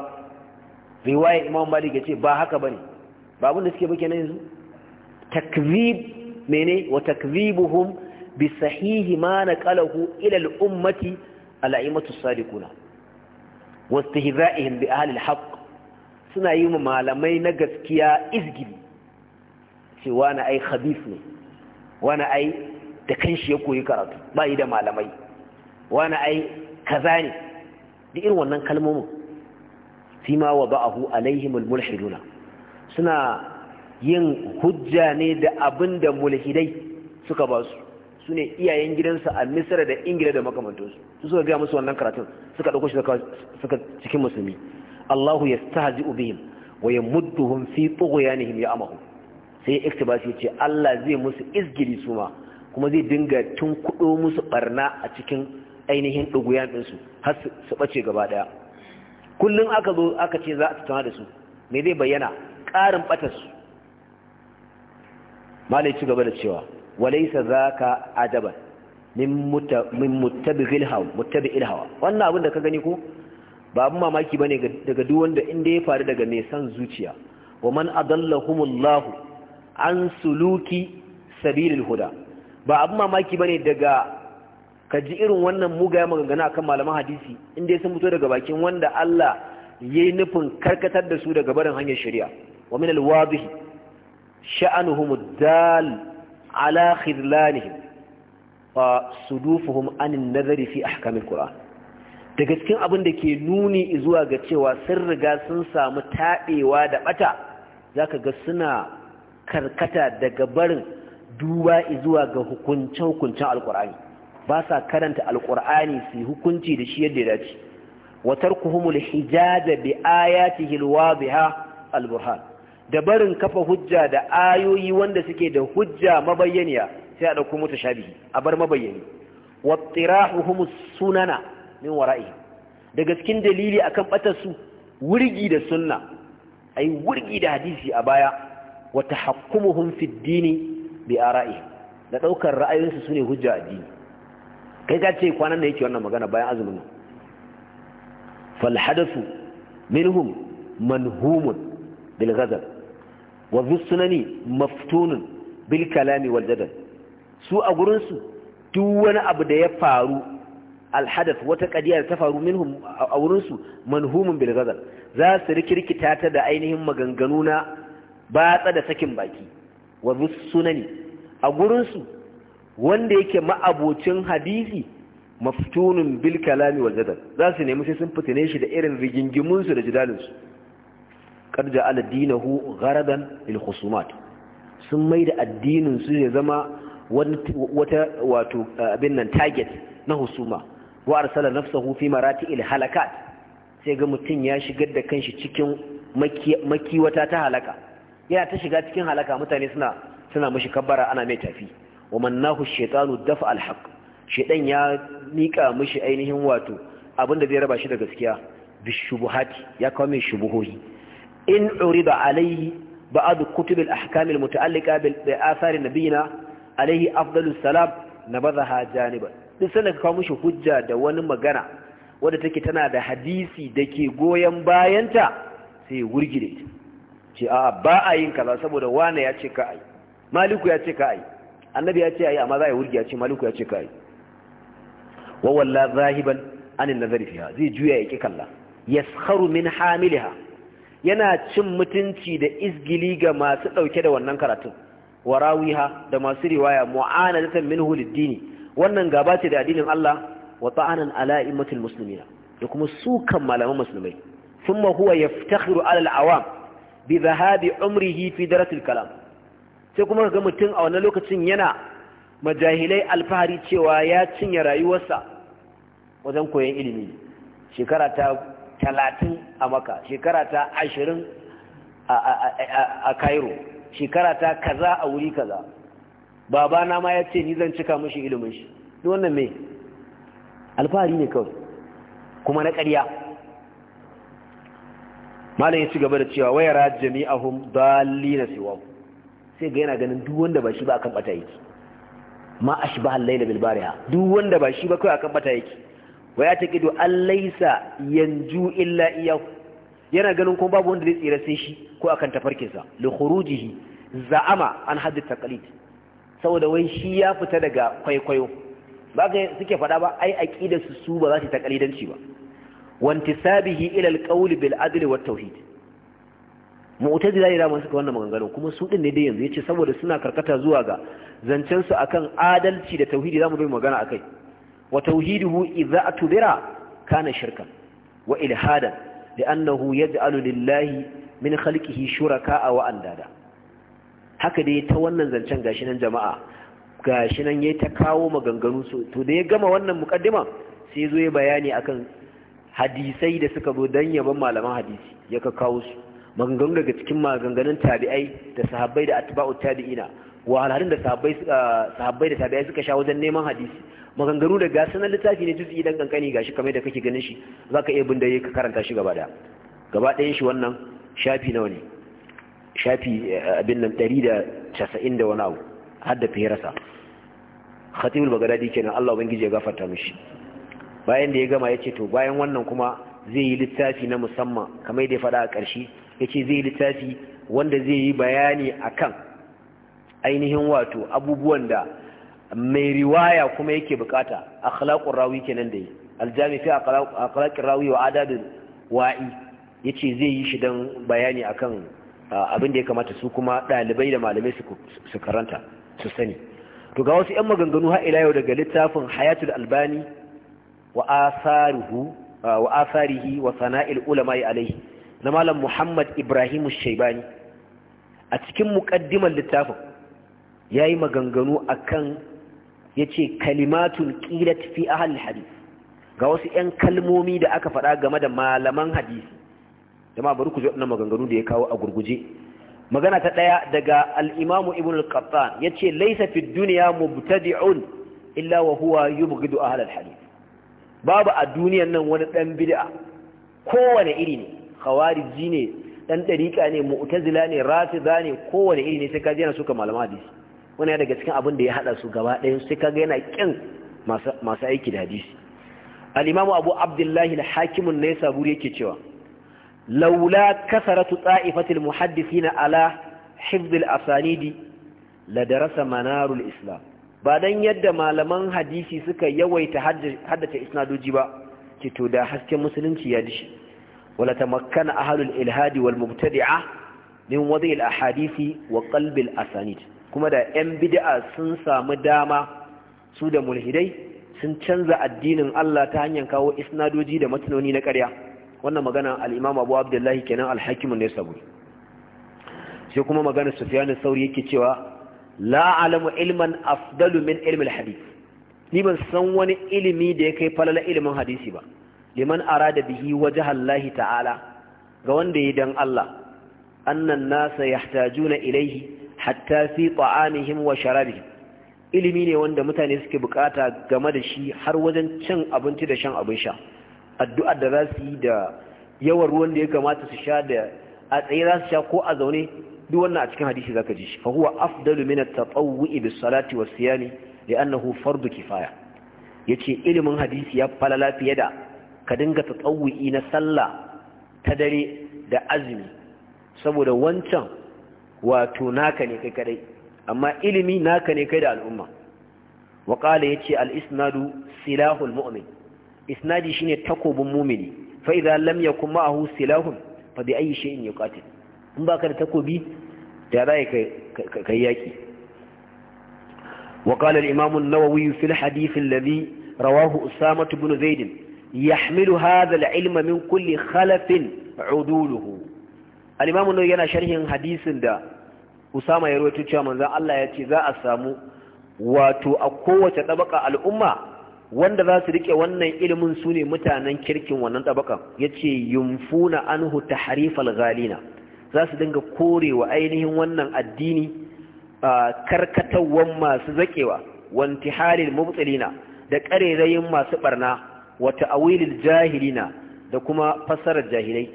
riwayar imam malik ya ce ba haka bane ba abin da suke ba nan yanzu takzib mene wa takzibuhum bi sahihi ma naqalahu ila al-ummati al'aimatu sadiquna wastihza'ihim bi ahli al suna yi mu malamai na gaskiya izgiri ce wani ai khabith ne wani ai da kanshi ya koyi karatu ba yi da malamai wani ai kaza ne da irin wannan kalmomin Sima wa ba'ahu alaihimul mulhiduna suna yin hujja ne da abin da mulhidai suka ba su su ne iyayen gidansa a misira da ingila da makamantansu su suka gaya musu wannan karatun suka ɗauko shi suka cikin musulmi allahu ya stahazi ubihim wa ya hun fi tughyanihim ya amahu sai iktibas ya ce allah zai musu izgiri su ma kuma zai dinga tun kudo musu barna a cikin ainihin ɗuguyan ɗinsu har su ɓace gaba ɗaya kullum aka zo aka ce za a tattauna da su me zai bayyana ƙarin ɓatarsu malai ci gaba da cewa Walaisa zaka adaban min muttabi'il hawa muttabi'il wannan abin da ka gani ko ba abin mamaki bane daga duk wanda inda ya faru daga mai san zuciya wa man adallahumullahu an suluki sabilil huda ba abin mamaki bane daga ji irin wannan mugaya maganganu akan malaman hadisi inda sun fito daga bakin wanda Allah yayi nufin karkatar da su daga barin hanyar shari'a wa min alwadih sha'anuhum dal ala khidlanihim fa sudufuhum anin nazari fi ahkamil daga cikin abin da ke nuni zuwa ga cewa sun riga sun samu taɗewa da ɓata zaka ga suna karkata daga barin duba zuwa ga hukuncin hukuncen alkur'ani ba sa karanta alkur'ani su hukunci da shi yadda ya dace watar kuhumul hijaja bi hilwa biha alburhan da barin kafa hujja da ayoyi wanda suke da hujja mabayyaniya sai a ɗauko mutu shabihi a bar mabayyani tirahuhum sunana min wara'i daga cikin dalili akan batar su wurgi da sunna ai wurgi da hadisi a baya wa tahakkumuhum fi dini bi ara'i da daukar su sune hujja addini kai ka ce kwanan da yake wannan magana bayan azumin fal hadathu minhum manhumun bil ghadab wa zusunani maftunun bil kalami wal jadal su a gurin su duk wani abu da ya faru al hadath wata qadiya ta faru minhum a gurin su manhumun bil za su rikirkita ta da ainihin maganganu na batsa da sakin baki wa zusunani a gurin su wanda yake ma'abocin hadisi maftunun bil kalami wal jadal za su nemi sai sun fitine shi da irin rigingimun su da su. qad ja'ala dinahu gharadan lil khusumat sun maida addinin su ya zama wata wato eh, abin nan target na husuma wa arsala nafsahu fi marati'il halakat sai ga mutun ya shigar da kanshi cikin makiwata ta halaka yana ta shiga cikin halaka mutane suna suna mishi kabbara ana mai tafi wa mannahu shaytanu dafa alhaq shaytan ya mika mishi ainihin wato abinda zai raba shi da gaskiya bishubuhati ya kawo mai shubuhohi in urida alaihi ba'd kutub al-ahkam al-muta'alliqa bi athar nabiyina alaihi afdalu salam nabadhaha janiban duk sanda ka kawo mishi hujja da wani magana wadda take tana da hadisi da ke goyon bayanta sai wurgire ta ce a ba a yin kaza saboda wane ya ce ka ai maliku ya ce ka ai annabi ya ce ai amma za a yi wurgi ya ce maliku ya ce ka ai wa walla zahiban anin nazari fiha zai juya ya ki kalla yaskharu min hamiliha yana cin mutunci da izgili ga masu ɗauke da wannan karatun warawiha da masu riwaya mu'ana da lid hulidini wannan gaba ce da addinin Allah wa ta'anan ala immatil muslimina da kuma sukan malaman musulmai thumma huwa ya ala al-awam bi zahabi umrihi fi darasil kalam sai kuma ga mutum a wannan lokacin yana majahilai alfahari cewa ya cinye rayuwarsa wajen koyon ilimi shekara ta talatin a maka shekara ta ashirin a cairo shekara ta kaza a wuri kaza na ma ya ce ni zan cika mashi ilimin shi duk wannan me alfahari ne kawai kuma na ƙarya malam ya ci gaba da cewa wayara jami'ahum na siwahu sai ga yana ganin duk wanda ba shi ba akan bata yake ma ba halayya da bilbariya duk wanda ba shi ba kai akan bata yake wa ya kido laisa yanju illa iyahu yana ganin kuma babu wanda zai tsira sai shi ko akan tafarkinsa li khurujihi za'ama an hadd taqlid saboda wai shi ya fita daga kwaikwayo ba ga suke faɗa ba ai aqidar su su ba za ta taqlidanci ba wantisabihi ila alqawl bil adl wa tawhid mu'tazila ira mun suka wannan maganganu kuma su din ne dai yanzu yace saboda suna karkata zuwa ga zancen su akan adalci da tauhidi zamu bai magana akai wa tauhiduhu idza atubira kana shirka wa ilhadan li'annahu yaj'alu lillahi min khalqihi shuraka wa andada haka dai ta wannan zancen gashi nan jama'a gashi nan yayi ta kawo maganganu to da ya gama wannan mukaddima sai ya zo ya bayani akan hadisai da suka zo dan yaban malaman hadisi ya ka kawo su maganganu daga cikin maganganun tabi'ai da sahabbai da atba'u tabi'ina Wa wahalhalun da ah, sahabbai da tabi'ai suka sha wajen neman hadisi maganganu da na littafi ne tuzi idan kankani gashi kamar da kake ganin shi zaka iya bin da ka karanta shi gaba daya gaba ɗayan shi wannan shafi nawa ne shafi eh, abin nan ɗari da casa'in da wani abu har da fiyarsa khatibul bagadadi kenan Allah ubangiji ya gafarta mishi bayan da ya gama ya ce to bayan wannan kuma zai yi littafi na musamman kamar da ya faɗa a ƙarshe ya ce zai yi littafi wanda zai yi bayani akan ainihin wato abubuwan da mai riwaya kuma yake bukata akhlaqur rawi nan da yi aljami fi akhlaqir rawi wa adadin wa'i ya ce zai yi shi don bayani a kan abin da ya kamata su kuma ɗalibai da malamai su karanta su sani to ga wasu yan maganganu ha ila yau daga littafin hayatul albani wa asarihi wa sana'il ulama'i alaihi na malam muhammad ibrahim shaibani a cikin muƙaddimar littafin ya yi maganganu a kan ya ce kalimatun ƙilat fi ahal hadis ga wasu 'yan kalmomi da aka faɗa game da malaman hadisi jama bari ku ji maganganu da ya kawo a gurguje magana ta ɗaya daga al'imamu ibn al-qattan ya ce laisa fi duniya mubtadi'un illa wa huwa yubghidu ahal hadis babu a duniyan nan wani ɗan bid'a kowane iri ne khawariji ne dan dariƙa ne mu'tazila ne rafida ne kowane iri ne sai ka ji yana suka malaman hadisi wani daga cikin abin da ya hada su gaba ɗayan sai kaga yana ƙin masu aiki da hadisi Al-Imamu abu abdullahi da hakimin na yasa yake cewa laula kasaratu tsa'ifatil muhaddisi na ala hifzil asanidi la darasa manarul islam ba don yadda malaman hadisi suka yawaita haddace isnadoji ba Ki to da hasken musulunci ya dishi wala tamakkana ahlul ilhadi wal mubtadi'a min wadi al ahadisi wa qalbi al asanid kuma da 'yan bid'a sun samu dama su da mulhidai sun canza addinin Allah ta hanyar kawo isnadoji da matanoni na karya wannan magana al'imam Abu Abdullahi kenan alhakimun ne sabu sai kuma magana Sufyan sauri yake cewa la'alamu alamu ilman afdalu min ilmin hadis ni ban san wani ilimi da ya kai falala ilimin hadisi ba liman ara arada bihi wajha ta'ala ga wanda ya dan Allah annan nasa yahtajuna ilayhi hatta fi ta'amihim wa sharabihim ilimi ne wanda mutane suke bukata game da shi har wajen cin abinci da shan abin sha addu'a da za su yi da yawan ruwan da ya kamata su sha da a tsaye za su sha ko a zaune duk wannan a cikin hadisi zaka ji shi fa huwa afdalu min at-tatawwu'i bis-salati was-siyami li'annahu fardu kifaya yace ilimin hadisi ya falala fiye da ka dinga tatawwu'i na sallah ta dare da azumi saboda wancan wato naka ne kai kadai amma ilimi naka ne kai da al'umma wa qala yace al-isnadu silahul mu'min isnadi shine takobin mu'mini fa idza lam yakun ma'ahu silahun fa bi ayi shay'in yuqatil in baka da takobi da zai kai yaki wa qala al-imam an-nawawi fi al-hadith alladhi rawahu usama ibn zaid يحمل هذا العلم من kulli خلف عدوله al-imamu yana sharhin hadisin da usama ya rawaito cewa manzon Allah ya ce za a samu wato a kowace tabaka al'umma wanda za su rike wannan ilimin su ne mutanen kirkin wannan tabakan ya ce yumfuna anhu tahrifal galina, za su dinga korewa ainihin wannan addini karkatawan masu zakewa wanti halin mubtsilina da ƙarerayin masu barna wata awilil jahilina da kuma fassarar jahilai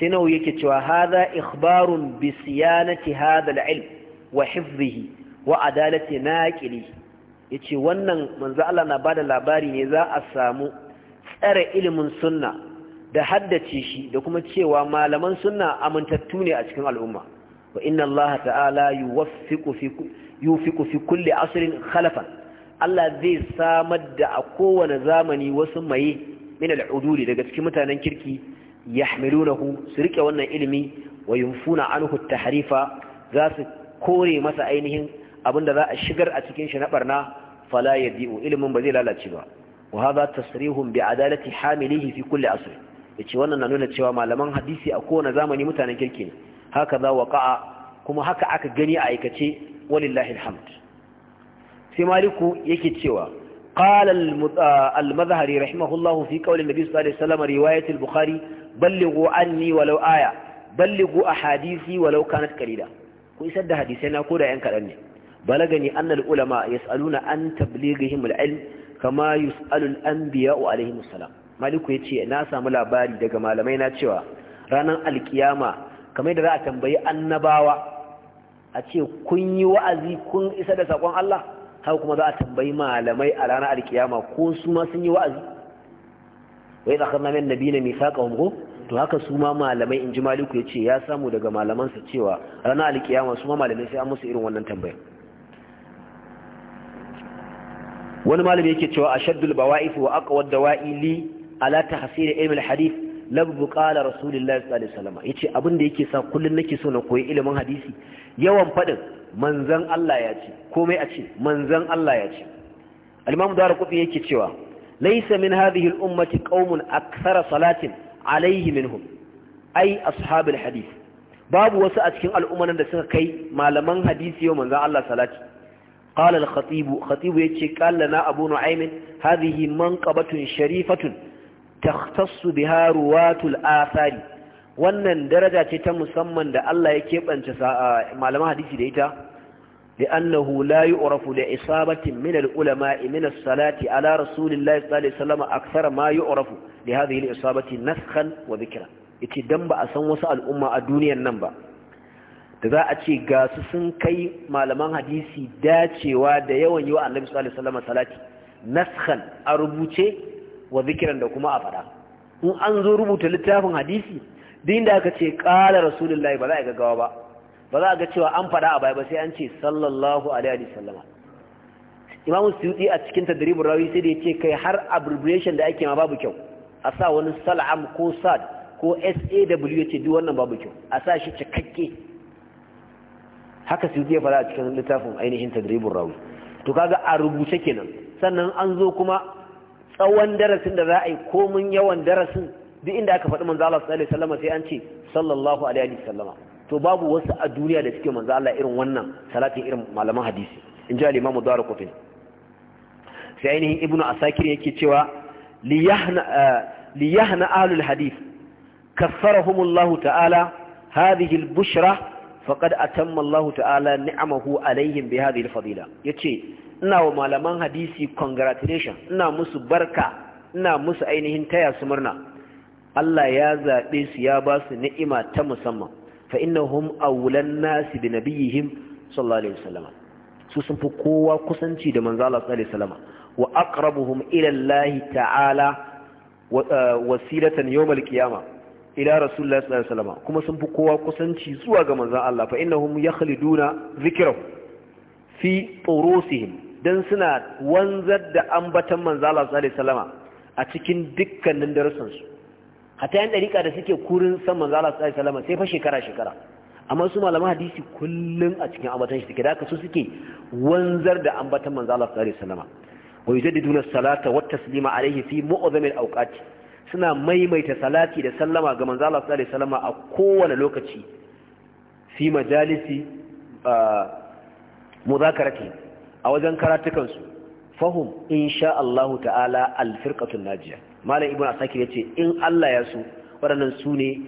sai nawa yake cewa haza ikhbarun bi siyanati hadha al-ilm wa hifdhihi wa adalati naqili yace wannan manzo Allah na bada labari ne za a samu tsare ilimin sunna da haddace shi da kuma cewa malaman sunna amintattu ne a cikin al'umma wa inna Allah ta'ala yuwaffiqu fi yufiqu fi kulli asrin khalafan Allah zai samar da a kowane zamani wasu maye min al'uduli daga cikin mutanen kirki yahmilunahu su rike wannan ilimi wa yunfuna anhu tahrifa za su kore masa ainihin abinda za a shigar a cikin shi na barna fala yadi'u ilimin ba zai lalace ba wa hadha tasrihun bi adalati hamilihi fi kulli asr yace wannan na nuna cewa malaman hadisi a kowane zamani mutanen kirki ne haka za waqa'a kuma haka aka gani a aikace walillahi alhamd sai maliku yake cewa قال المذهري رحمه الله في قول النبي صلى الله عليه وسلم رواية البخاري ballighu anni walau aya ballighu ahadisi walau kanat qalila ku isar da hadisai na koda yan kadan ne balagani anna ulama yasaluna an tablighihim al-ilm kama yusalu al-anbiya alaihim assalam maliku yace na samu labari daga malamai na cewa ranar alkiyama kamar da za a tambayi annabawa a ce kun yi wa'azi kun isa da sakon Allah haka kuma za a tambayi malamai a ranar alkiyama ko su ma sun yi wa'azi wai tsakar na min nabi na misa ka hungo to haka su ma malamai in ji maliku ya ce ya samu daga malamansa cewa ranar alkiyama su ma malamai sai an musu irin wannan tambaya wani malami yake cewa a shaddul bawa'if wa aqwad dawa'i li ala tahsir ilm alhadith labbu qala rasulullahi sallallahu alaihi wasallam yace abin da yake sa kullun nake so na koyi ilimin hadisi yawan fadin manzon Allah ya ce komai a ce manzon Allah ya ce al-imam darqutni yake cewa laysa min hadhihi al-ummati qaumun akthara salatin alaihi minhum ai ashabul hadith babu wasu a cikin al'umman da suka kai malaman hadisi yau manzon Allah salati qala al-khatib khatib yace qala na abu nu'aym hadhihi manqabatun sharifatun takhtassu biha ruwatul athari wannan daraja ce ta musamman da Allah ya keɓance malaman hadisi da ita لأنه لا يعرف لعصابة من العلماء من الصلاة على رسول الله صلى الله عليه وسلم أكثر ما يعرف لهذه نسخا وذكرا dan ba a san wasu al'umma a duniyar nan ba da za a ce ga su sun kai malaman hadisi dacewa da yawan yi wa annabi naskhan a rubuce wa zikiran da kuma a faɗa. in an zo rubuta littafin hadisi din da aka ce qala rasulullahi ba za a gaggawa ba ba za a ga cewa an faɗa a baya ba sai an ce sallallahu alaihi sallama imamu suyuti a cikin tadribin rawi sai da ya ce kai har abbreviation da ake ma babu kyau a sa wani sal'am ko sad ko saw ya ce duk wannan babu kyau a sa shi cikakke haka suyuti ya fada a cikin littafin ainihin tadribin rawi to kaga a rubuce kenan sannan an zo kuma tsawon darasin da za a yi komin yawan darasin duk inda aka faɗi manzo Allah sallallahu alaihi wasallama sai an ce sallallahu alaihi wasallama to babu wasu a duniya da suke manzo Allah irin wannan salatin irin malaman hadisi in ji al-Imam Darqutni sai ainihin Ibn Asakir yake cewa li yahna eh, li yahna ahlul hadith kaffarahum Allah ta'ala hadhihi al-bushra faqad atamma Allah ta'ala ni'amahu alaihim bi hadhihi al-fadila yace ina wa malaman hadisi congratulation ina musu barka ina musu ainihin taya su murna Allah ya zaɓe su ya ba su ni'ima ta musamman fa innahum awlan nas bi nabiyihim sallallahu alaihi wasallam su sun kowa kusanci da manzo Allah sallallahu alaihi wasallam wa aqrabuhum ila Allah ta'ala uh, wasilatan yawm al-qiyamah ila rasulullah sallallahu alaihi wasallam kuma sun kowa kusanci zuwa ga manzon Allah fa innahum fi turusihim dan suna wanzar da ambatan manzo sallallahu alaihi wasallam a cikin dukkanin darussansu hatta yan dariƙa da suke kurin san manzo Allah sallallahu alaihi sai fa shekara shekara amma su malaman hadisi kullum a cikin ambatan shi suke da haka su suke wanzar da ambatan manzo Allah sallallahu alaihi wasallam wa yujaddiduna salata wa taslima alaihi fi al awqat suna maimaita salati da sallama ga manzo Allah sallallahu alaihi a kowane lokaci fi majalisi muzakarati a wajen karatukan su fahum insha Allah ta'ala al-firqatul najiyah malam ibn asakir yace in allah ya so waɗannan su ne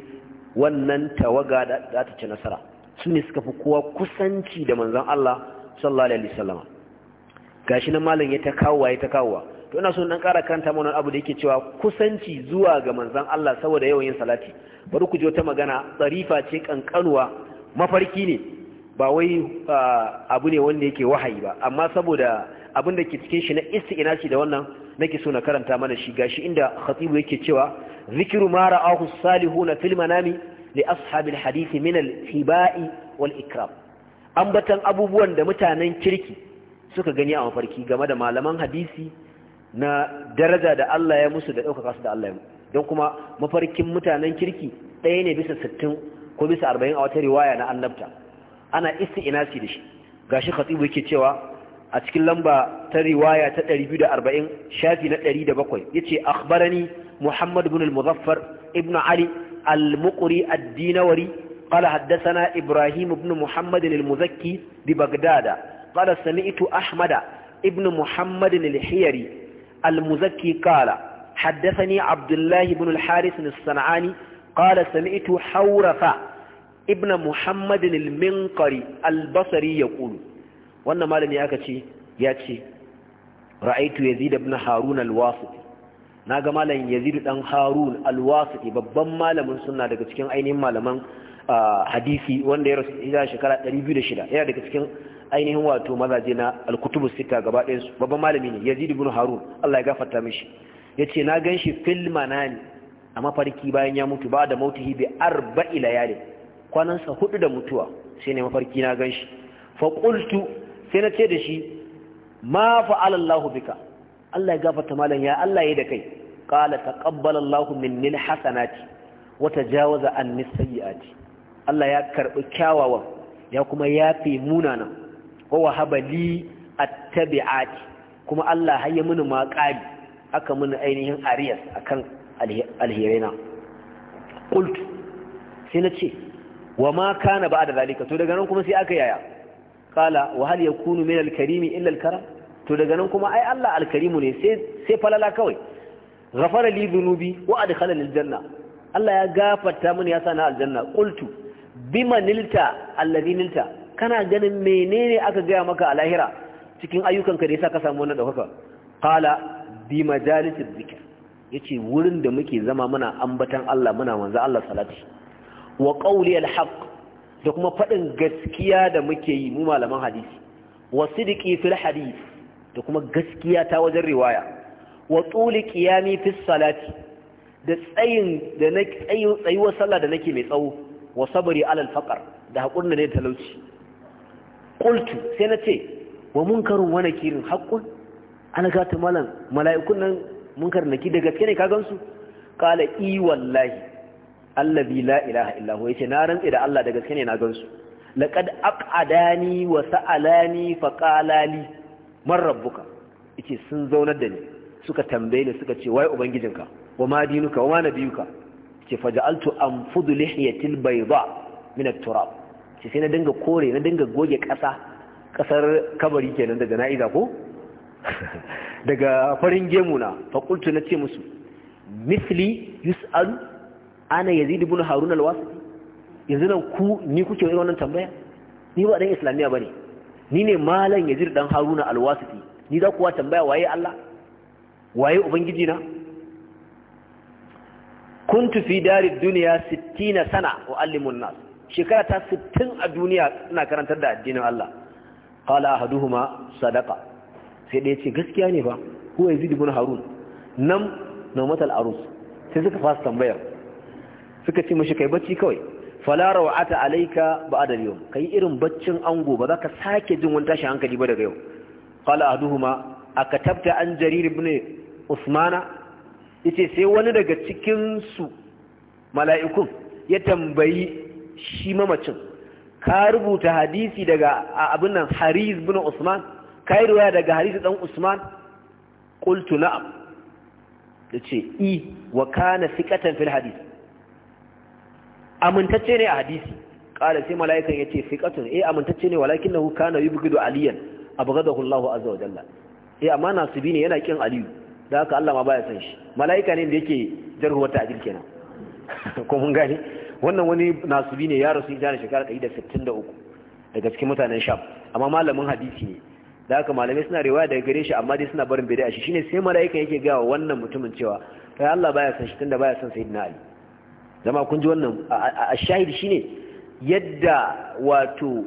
wannan tawaga da za ta ci nasara su ne suka fi kowa kusanci da manzan allah sallallahu alaihi wasallam gashi nan malam ya ta kawowa ya ta kawowa to ina so dan ƙara karanta mana abu da yake cewa kusanci zuwa ga manzan allah saboda yawan yin salati bari ku ji wata magana tsarifa ce kankanuwa mafarki ne ba wai abu ne wanda yake wahayi ba amma saboda abin da ke cikin shi na ina ce da wannan nake so na karanta mana shi gashi inda khatibu yake cewa zikru ma ra'ahu salihuna fil manami li ashabil hadith min al hiba'i wal ikram ambatan abubuwan da mutanen kirki suka gani a mafarki game da malaman hadisi na daraja da Allah ya musu da ɗaukaka su da Allah ya don kuma mafarkin mutanen kirki ɗaya ne bisa sittin ko bisa arba'in a wata riwaya na annabta ana isti'inasi da shi gashi khatibu yake cewa a cikin lamba ta riwaya ta ɗari biyu 240 shafi na ɗari 107 yace akhbarani Muhammad ibn al-Muzaffar ibn Ali al-Muqri ad Ibrahim ibn Muhammad al-Muzakki bi Baghdad qala sami'tu Ahmad ibn Muhammad al-Hiyari al-Muzakki qala haddathani Abdullah ibn al-Harith as-Sanani Hawrafa ibn Muhammad al-Minqari al-Basri yaqulu wannan malami aka ce ya ce ra'aitu yazid ibn harun al-wasiti naga malamin yazid dan harun al-wasiti babban malamin sunna daga cikin ainihin malaman hadisi wanda ya rasu ila shekara 206 yana daga cikin ainihin wato mazaje na al-kutubus sita gaba ɗayan su babban malami ne yazid ibn harun Allah ya gafarta mishi yace na ganshi fil manani a mafarki bayan ya mutu ba da mautuhi bi arba'i layali kwanansa hudu da mutuwa sai ne mafarki na ganshi fa qultu sai na ce da shi ma fa'ala bika Allah ya gafarta malam ya Allah ya da kai qala taqabbala Allah minni alhasanati wa tajawaza anni sayyiati Allah ya karbi kyawawan ya kuma yafi munana wa wahaba a attabi'ati kuma Allah har ya mini maqali aka mini ainihin arias akan alhiraina ƙultu sai na ce wa ma kana ba'da zalika to daga nan kuma sai aka yaya qala wa hal yakunu min al-karim illa al-karam to daga nan kuma ai Allah al-karim ne sai sai falala kawai ghafara li dhunubi wa adkhalani al-janna Allah ya gafarta mini ya sana aljanna qultu bima nilta alladhi nilta kana ganin menene aka gaya maka a lahira cikin ayyukanka da yasa ka samu wannan daukaka qala bi majalisid dhikr yace wurin da muke zama muna ambatan Allah muna manzo Allah salati wa qawli al-haqq da kuma faɗin gaskiya da muke yi mu malaman hadisi wa sidiki fil hadisi da kuma gaskiya ta wajen riwaya wa tsuli qiyami fis salati da tsayin da na tsayuwar sallah da nake mai tsawo wa sabri alal faqr da hakuri da talauci qultu sai na ce wa munkarun wa nakirin haqqun ana gata malan mala'ikun nan munkar naki da gaske ne ka gansu qala i wallahi allazi la ilaha illa huwa yace na rantsi da Allah da gaske na gansu laqad aqadani wa sa'alani fa qala li man rabbuka yace sun zaunar da ni suka tambaye ni suka ce wai ubangijinka wa ma dinuka wa ma nabiyuka yace faja'altu anfudu lihiyatil bayda min at-turab yace sai na dinga kore na dinga goge kasa kasar kabari kenan da jana'iza ko daga farin gemu na fakultu na ce musu misli yus'al ana yazid bin harun al yanzu nan ku ni kuke yi wannan tambaya ni ba dan islamiya bane ni ne malam yazid dan haruna al ni za kuwa tambaya waye Allah waye ubangiji na kuntu fi darid dunya 60 sana wa allimun nas shekara ta 60 a duniya ina karantar da addinin Allah qala ahaduhuma sadaqa sai dai ce gaskiya ne fa ko yazid ibn harun na nawmatal arus sai suka fasa tambayar suka ce mashi kai bacci kawai fala rawata alayka ba al yau kai irin baccin ango ba za ka sake jin wani tashi hankali ba daga yau qala a akatabta an jarir ibn usmana yace sai wani daga cikin su mala'ikun ya tambayi shi mamacin ka rubuta hadisi daga abin nan haris ibn usman kai ruwaya daga hariz dan usman qultu na'am yace i wa kana fiqatan fil hadith amintacce ne a hadisi qala sai mala'ikan ya ce fiqatun eh amintacce ne walakin walakinahu kana yubghidu aliyan abghadahu Allah azza wa jalla eh amma nasibi ne yana kin aliyu da haka Allah ma baya san shi mala'ika ne da yake jarhu wata ajil kenan ko mun gani wannan wani nasibi ne ya rasu idan shekara uku, daga cikin mutanen sham amma malamin hadisi ne da haka malamai suna riwaya daga gare shi amma dai suna barin bid'a shi shine sai mala'ikan yake ga wannan mutumin cewa kai Allah baya san shi tunda baya san sayyidina Ali zama kun ji wannan a shahid shine yadda wato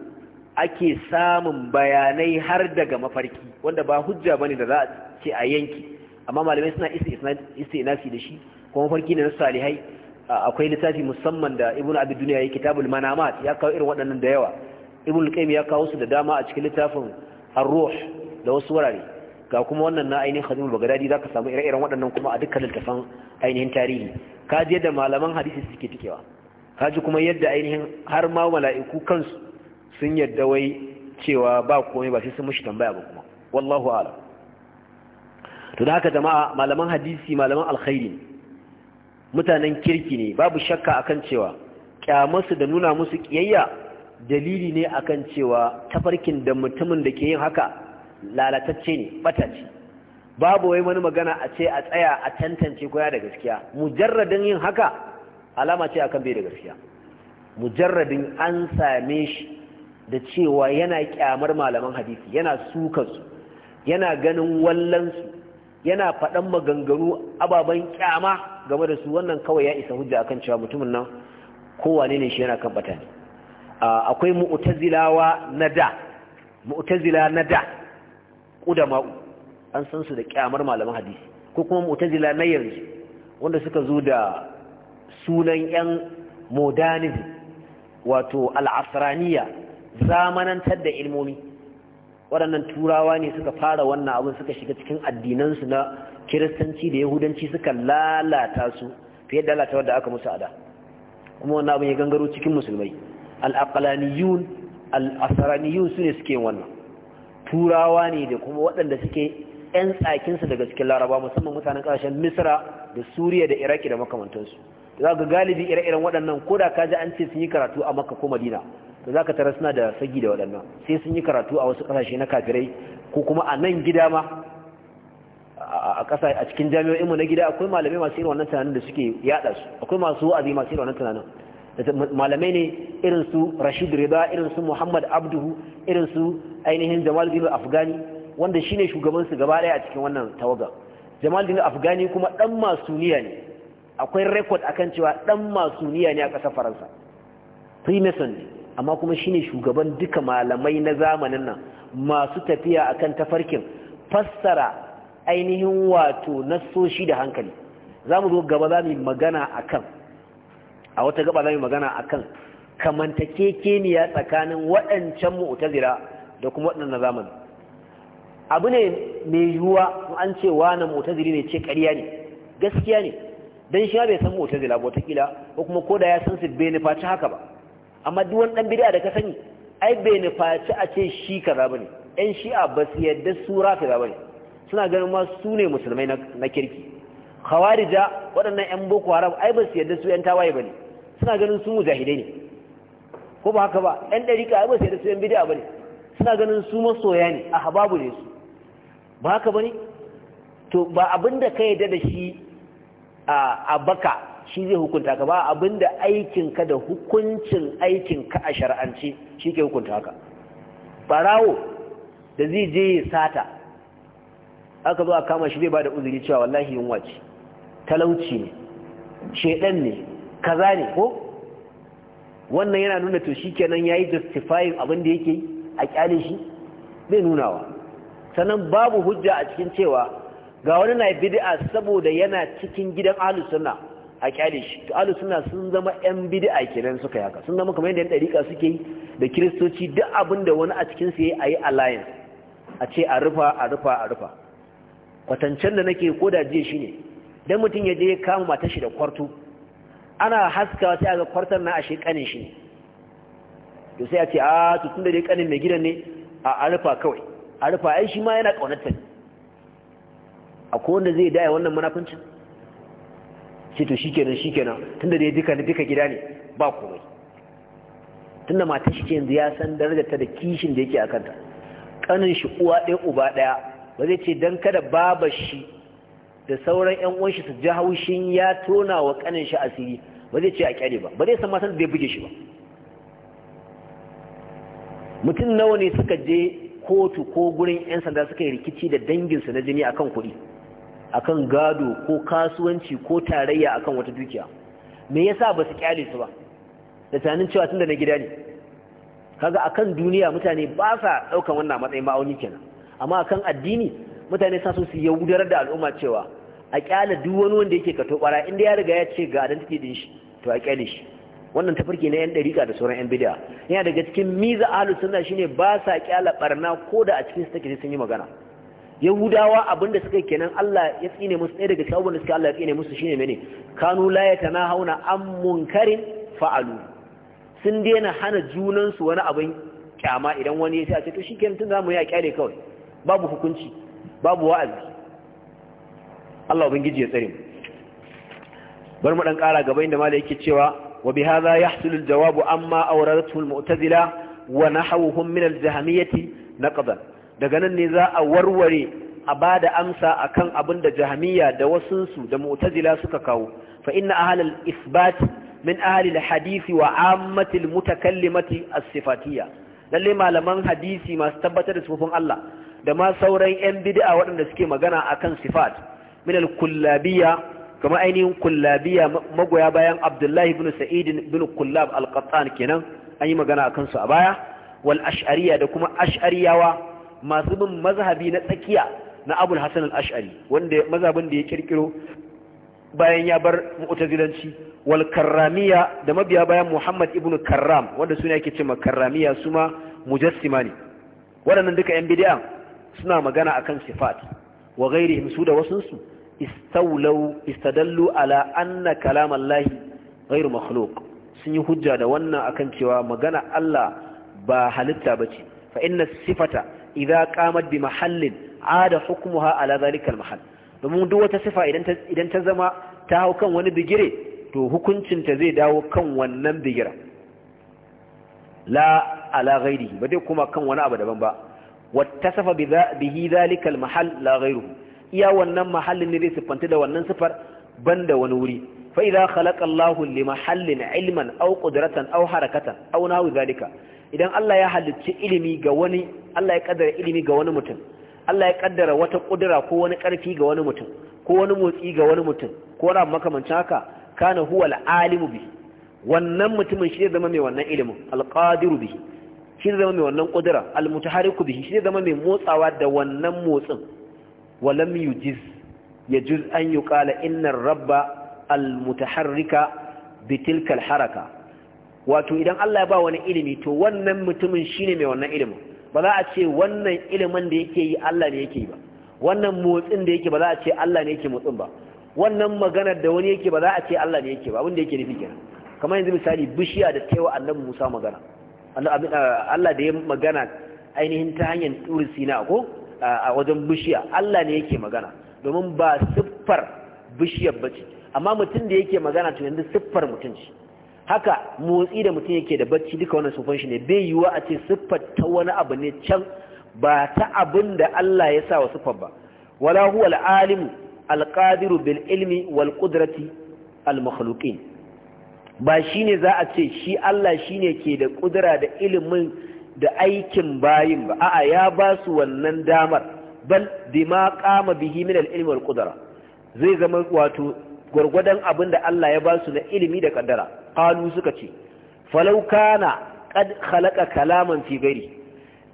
ake samun bayanai har daga mafarki wanda ba hujja ne da za a ce a yanki amma malamai suna istinasi da shi kuma mafarki ne na salihai akwai littafi musamman da ibnu abi duniya yake kitabul manamat ya kawo irin waɗannan da yawa ibnu qayyim ya kawo su da dama a cikin littafin ar-ruh da wasu wurare ga kuma wannan na ainihin khadimul bagdadi zaka samu ire-iren waɗannan kuma a dukkan littafan ainihin tarihi Ka je yadda malaman hadisi suke tikewa ji kuma yadda ainihin har ma mala'iku kansu sun yadda wai cewa ba komai ba sai sun mushi tambaya ba kuma wallahu a'lam to da haka jama'a malaman hadisi malaman alkhairi mutanen kirki ne babu shakka akan cewa kyamarsu da nuna musu kiyayya dalili ne akan cewa tafarkin da mutumin da ke yin haka lalatacce ne bata ce babu wai wani magana a ce a tsaya a tantance koya da gaskiya mujarradin yin haka alama ce akan bai da gaskiya mujarradin an same shi da cewa yana kyamar malaman hadisi yana sukan su yana ganin wallan su yana faɗan maganganu ababen kyama game da su wannan kawai ya isa hujja akan cewa mutumin nan kowane ne shi yana kan bata ne akwai mu'tazilawa na da mu'tazila na da ƙudama'u an san su da kyamar malaman hadisi ko kuma mu'tazila na yanzu wanda suka zo da sunan yan modernism wato al'asraniya zamanantar da ilmomi waɗannan turawa ne suka fara wannan abin suka shiga cikin addinansu na kiristanci da yahudanci suka lalata su fiye da lalata wadda aka musu ada kuma wannan abin ya gangaro cikin musulmai al'aqlaniyun al'asraniyun su ne suke wannan turawa ne da kuma waɗanda suke 'yan tsakinsu daga cikin laraba musamman mutanen ƙasashen misra da suriya da iraki da makamantansu za ga galibi ire-iren waɗannan ko da ka ji an ce sun yi karatu a makka ko madina to za ka tara suna da sagi da waɗannan sai sun yi karatu a wasu ƙasashe na kafirai ko kuma a nan gida ma a ƙasa a cikin jami'o'inmu na gida akwai malamai masu irin wannan tunanin da suke yaɗa su akwai masu wa'azi masu irin wannan tunanin malamai ne irin su rashid rida irin su muhammad abduhu irin su ainihin jamal bin afghani wanda shine shugaban su gaba daya a cikin wannan tawaga din Afghani kuma dan masuniya ne akwai record akan cewa dan masuniya ne a ƙasar Faransa Freemason ne amma kuma shi ne shugaban duka malamai na zamanin nan masu tafiya akan tafarkin fassara ainihin wato nassoshi da hankali za mu zo gaba za mu magana akan a wata gaba za mu magana akan kamantakekeniya tsakanin waɗancan mu'tazila da kuma waɗannan zamani abu ne mai yiwuwa an ce wani mutazili ne ce ƙarya ne gaskiya ne don shi bai san mutazila ba watakila ko kuma koda ya san su bai nufaci haka ba amma duk wani dan bid'a da ka sani ai bai nufaci a ce shi kaza ne ɗan shi'a ba su yadda su rafiza ne suna ganin ma su ne musulmai na kirki khawarija waɗannan ƴan boko haram ai ba su yadda su ƴan tawaye ba ne suna ganin su mujahidai ne ko ba haka ba ƴan ɗariƙa ai ba su yadda su ƴan ba ne suna ganin su masoya ne a hababu ne su ba haka bane to ba abinda ka yadda da shi a baka shi zai hukunta ka ba abinda ka da hukuncin aikin ka a shar'anci shi ke hukunta ka barawo da zai je ya sata aka zo a kama shi zai ba da uzuri cewa wallahi yunwa ce talauci ne shedan ne kaza ne ko wannan yana nuna to shi ya yi justifying abin da yake a kyale shi Zai nunawa sannan babu hujja a cikin cewa ga wani na bid'a saboda yana cikin gidan ahlus sunna a kyale shi to ahlus sunna sun zama ɗan bid'a kenan suka yaka sun zama kamar yadda dariƙa suke yi da kiristoci duk abin da wani a cikin su yayi ayi alliance a ce a rufa a rufa a rufa kwatancen da nake ko da jiya shine dan mutum ya je ya kama matar shi da kwarto ana haskawa sai a ga kwartar na ashe kanin shi to sai a ce a ah, tutun da dai kanin mai gidan ne a rufa kawai a rufa ai shi ma yana kaunarta ne akwai wanda zai daya wannan munafincin sai to shikenan shikenan tunda da ya duka duka gida ne ba komai tunda matar shi yanzu ya san darajar ta da kishin da yake a kanta kanin shi uwa ɗaya uba ɗaya ba zai ce dan kada baba shi da sauran 'yan uwan shi su ji haushin ya tona wa kanin shi asiri ba zai ce a kyale ba ba zai san matan da ya buge shi ba mutum nawa ne suka je kotu ko gurin 'yan sanda suka yi rikici da danginsu na jini akan kuɗi akan gado ko kasuwanci ko tarayya akan wata dukiya me yasa ba su kyale su ba da tunanin cewa tunda na gida ne kaga akan duniya mutane ba sa ɗaukan wannan matsayin ma'auni kenan amma akan addini mutane sa su yaudarar da al'umma cewa a kyale duk wani wanda yake kato bara inda ya riga ya ce ga dan take din shi to a kyale shi wannan tafarki na yan dariƙa da sauran yan bid'a yana daga cikin miza ahlus sunna shine ba sa kyala barna ko da a cikin su take sun yi magana yahudawa abinda suka kenan Allah ya tsine musu ɗaya daga cikin da suka Allah ya tsine musu shine mene kanu la yatanahawna an munkarin fa'alu sun daina hana junansu su wani abin kyama idan wani ya ce a ce to shikenan tun zamu ya kyale kawai babu hukunci babu wa'azi Allah ubangiji ya tsare mu bar mu dan kara gaba inda yake cewa وبهذا يحصل الجواب أما أوردته المؤتزلة ونحوهم من الجهمية نقضا دقنا النزاء وروري أباد أمسى أكن أبند جهمية دوسنسو دمؤتزلة سككو فإن أهل الإثبات من أهل الحديث وعامة المتكلمة الصفاتية lalle malaman hadisi masu tabbatar da sufofin Allah da ma sauran 'yan bid'a waɗanda suke magana akan sifat min al-kullabiyya kamar ainihin kullabiya magoya bayan abdullahi bin sa'id bin kullab al-qattan kenan an yi magana akan su a baya wal ash'ariya da kuma ash'ariyawa masu bin mazhabi na tsakiya na abul hasan al-ash'ari wanda mazhabin da ya kirkiro bayan ya bar mu'tazilanci wal karramiya da mabiya bayan muhammad ibn karram wanda suna yake cewa karramiya suma mujassima ne waɗannan duka yan bid'a suna magana akan sifat wa ghairihim su da wasunsu istaulau istadallu ala anna kalam Allah ghairu makhluq sun yi hujja da wannan akan cewa magana Allah ba halitta bace fa inna sifata idza qamat bi mahallin ada hukmuha ala zalika al mahall domin duk wata sifa idan ta idan ta zama ta hau kan wani bigire to hukuncinta zai dawo kan wannan bigira la ala ghairihi ba dai kuma kan wani abu daban ba wattasafa bihi zalika al mahall la ghairuhu iya wannan mahallin ne zai siffanta da wannan sifar banda wani wuri fa idza khalaqa Allahu li mahallin ilman aw qudratan aw harakatan aw nahu zalika idan Allah ya halicci ilimi ga wani Allah ya kaddara ilimi ga wani mutum Allah ya kaddara wata kudura ko wani karfi ga wani mutum ko wani motsi ga wani mutum ko wani makamancin haka kana huwa al-alimu bi wannan mutumin shi zai zama mai wannan ilimin al-qadiru bi shi zai zama mai wannan kudura al-mutahariku bi shi zai zama mai motsawa da wannan motsin walam yujiz yajuz an yuqala innar rabba almutaharrika bitilka alharaka wato idan Allah ya ba wani ilimi to wannan mutumin shine mai wannan ilimin ba za a ce wannan ilimin da yake yi Allah ne yake yi ba wannan motsin da yake ba za a ce Allah ne yake motsin ba wannan maganar da wani yake ba za a ce Allah ne yake ba abin da yake nufi kenan kamar yanzu misali bishiya da taiwa annabi Musa magana Allah da ya magana ainihin ta hanyar turi sina ko a wajen bishiya Allah ne yake magana domin ba siffar bishiyar bacci. amma mutum da yake magana to yanzu siffar mutum ce haka motsi da mutum yake da bacci duka wannan sufan shi ne bai yiwa a ce siffar ta wani abu ne can ba ta abin da Allah ya sa wa siffar ba wala huwa al-alimu al bil ilmi wal qudrati al makhluqin ba shine za a ce shi Allah shine ke da kudura da ilimin da aikin bayin ba a'a ya ba su wannan damar bal dima qama bihi min al wal zai zama wato gurgurdan abin da Allah ya ba su na ilimi da kaddara qalu suka ce falau kana qad khalaqa kalaman fi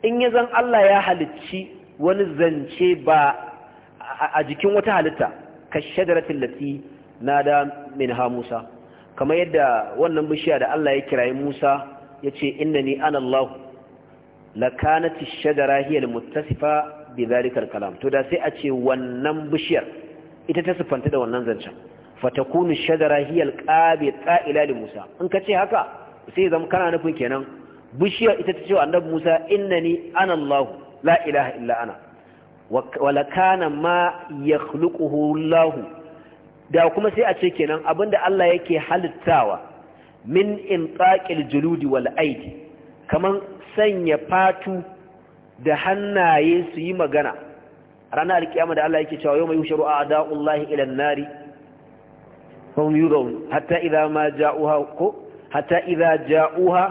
in ya zan Allah ya halicci wani zance ba a jikin wata halitta ka shadaratin lati nada minha Musa kamar yadda wannan bishiya da Allah ya kirayi Musa yace innani ana lakanati shajara hiya almuttasifa bi dhalika alkalam to da sai a ce wannan bishiyar ita ta da wannan zancen fatakunu shajara hiya alqabita ila li musa in ka ce haka sai zam kana nufin kenan bishiyar ita ta ce wa annabi musa innani ana allah la ilaha illa ana wa lakana ma yakhluquhu allah da kuma sai a ce kenan abinda Allah yake halittawa min intaqil juludi wal aidi kaman sanya fatu da hannaye su yi magana ranar alkiyama da Allah yake cewa yau mai yushiru a da'ullahi ilan nari hum yurawun hatta idza ma ja'uha ko hatta idza ja'uha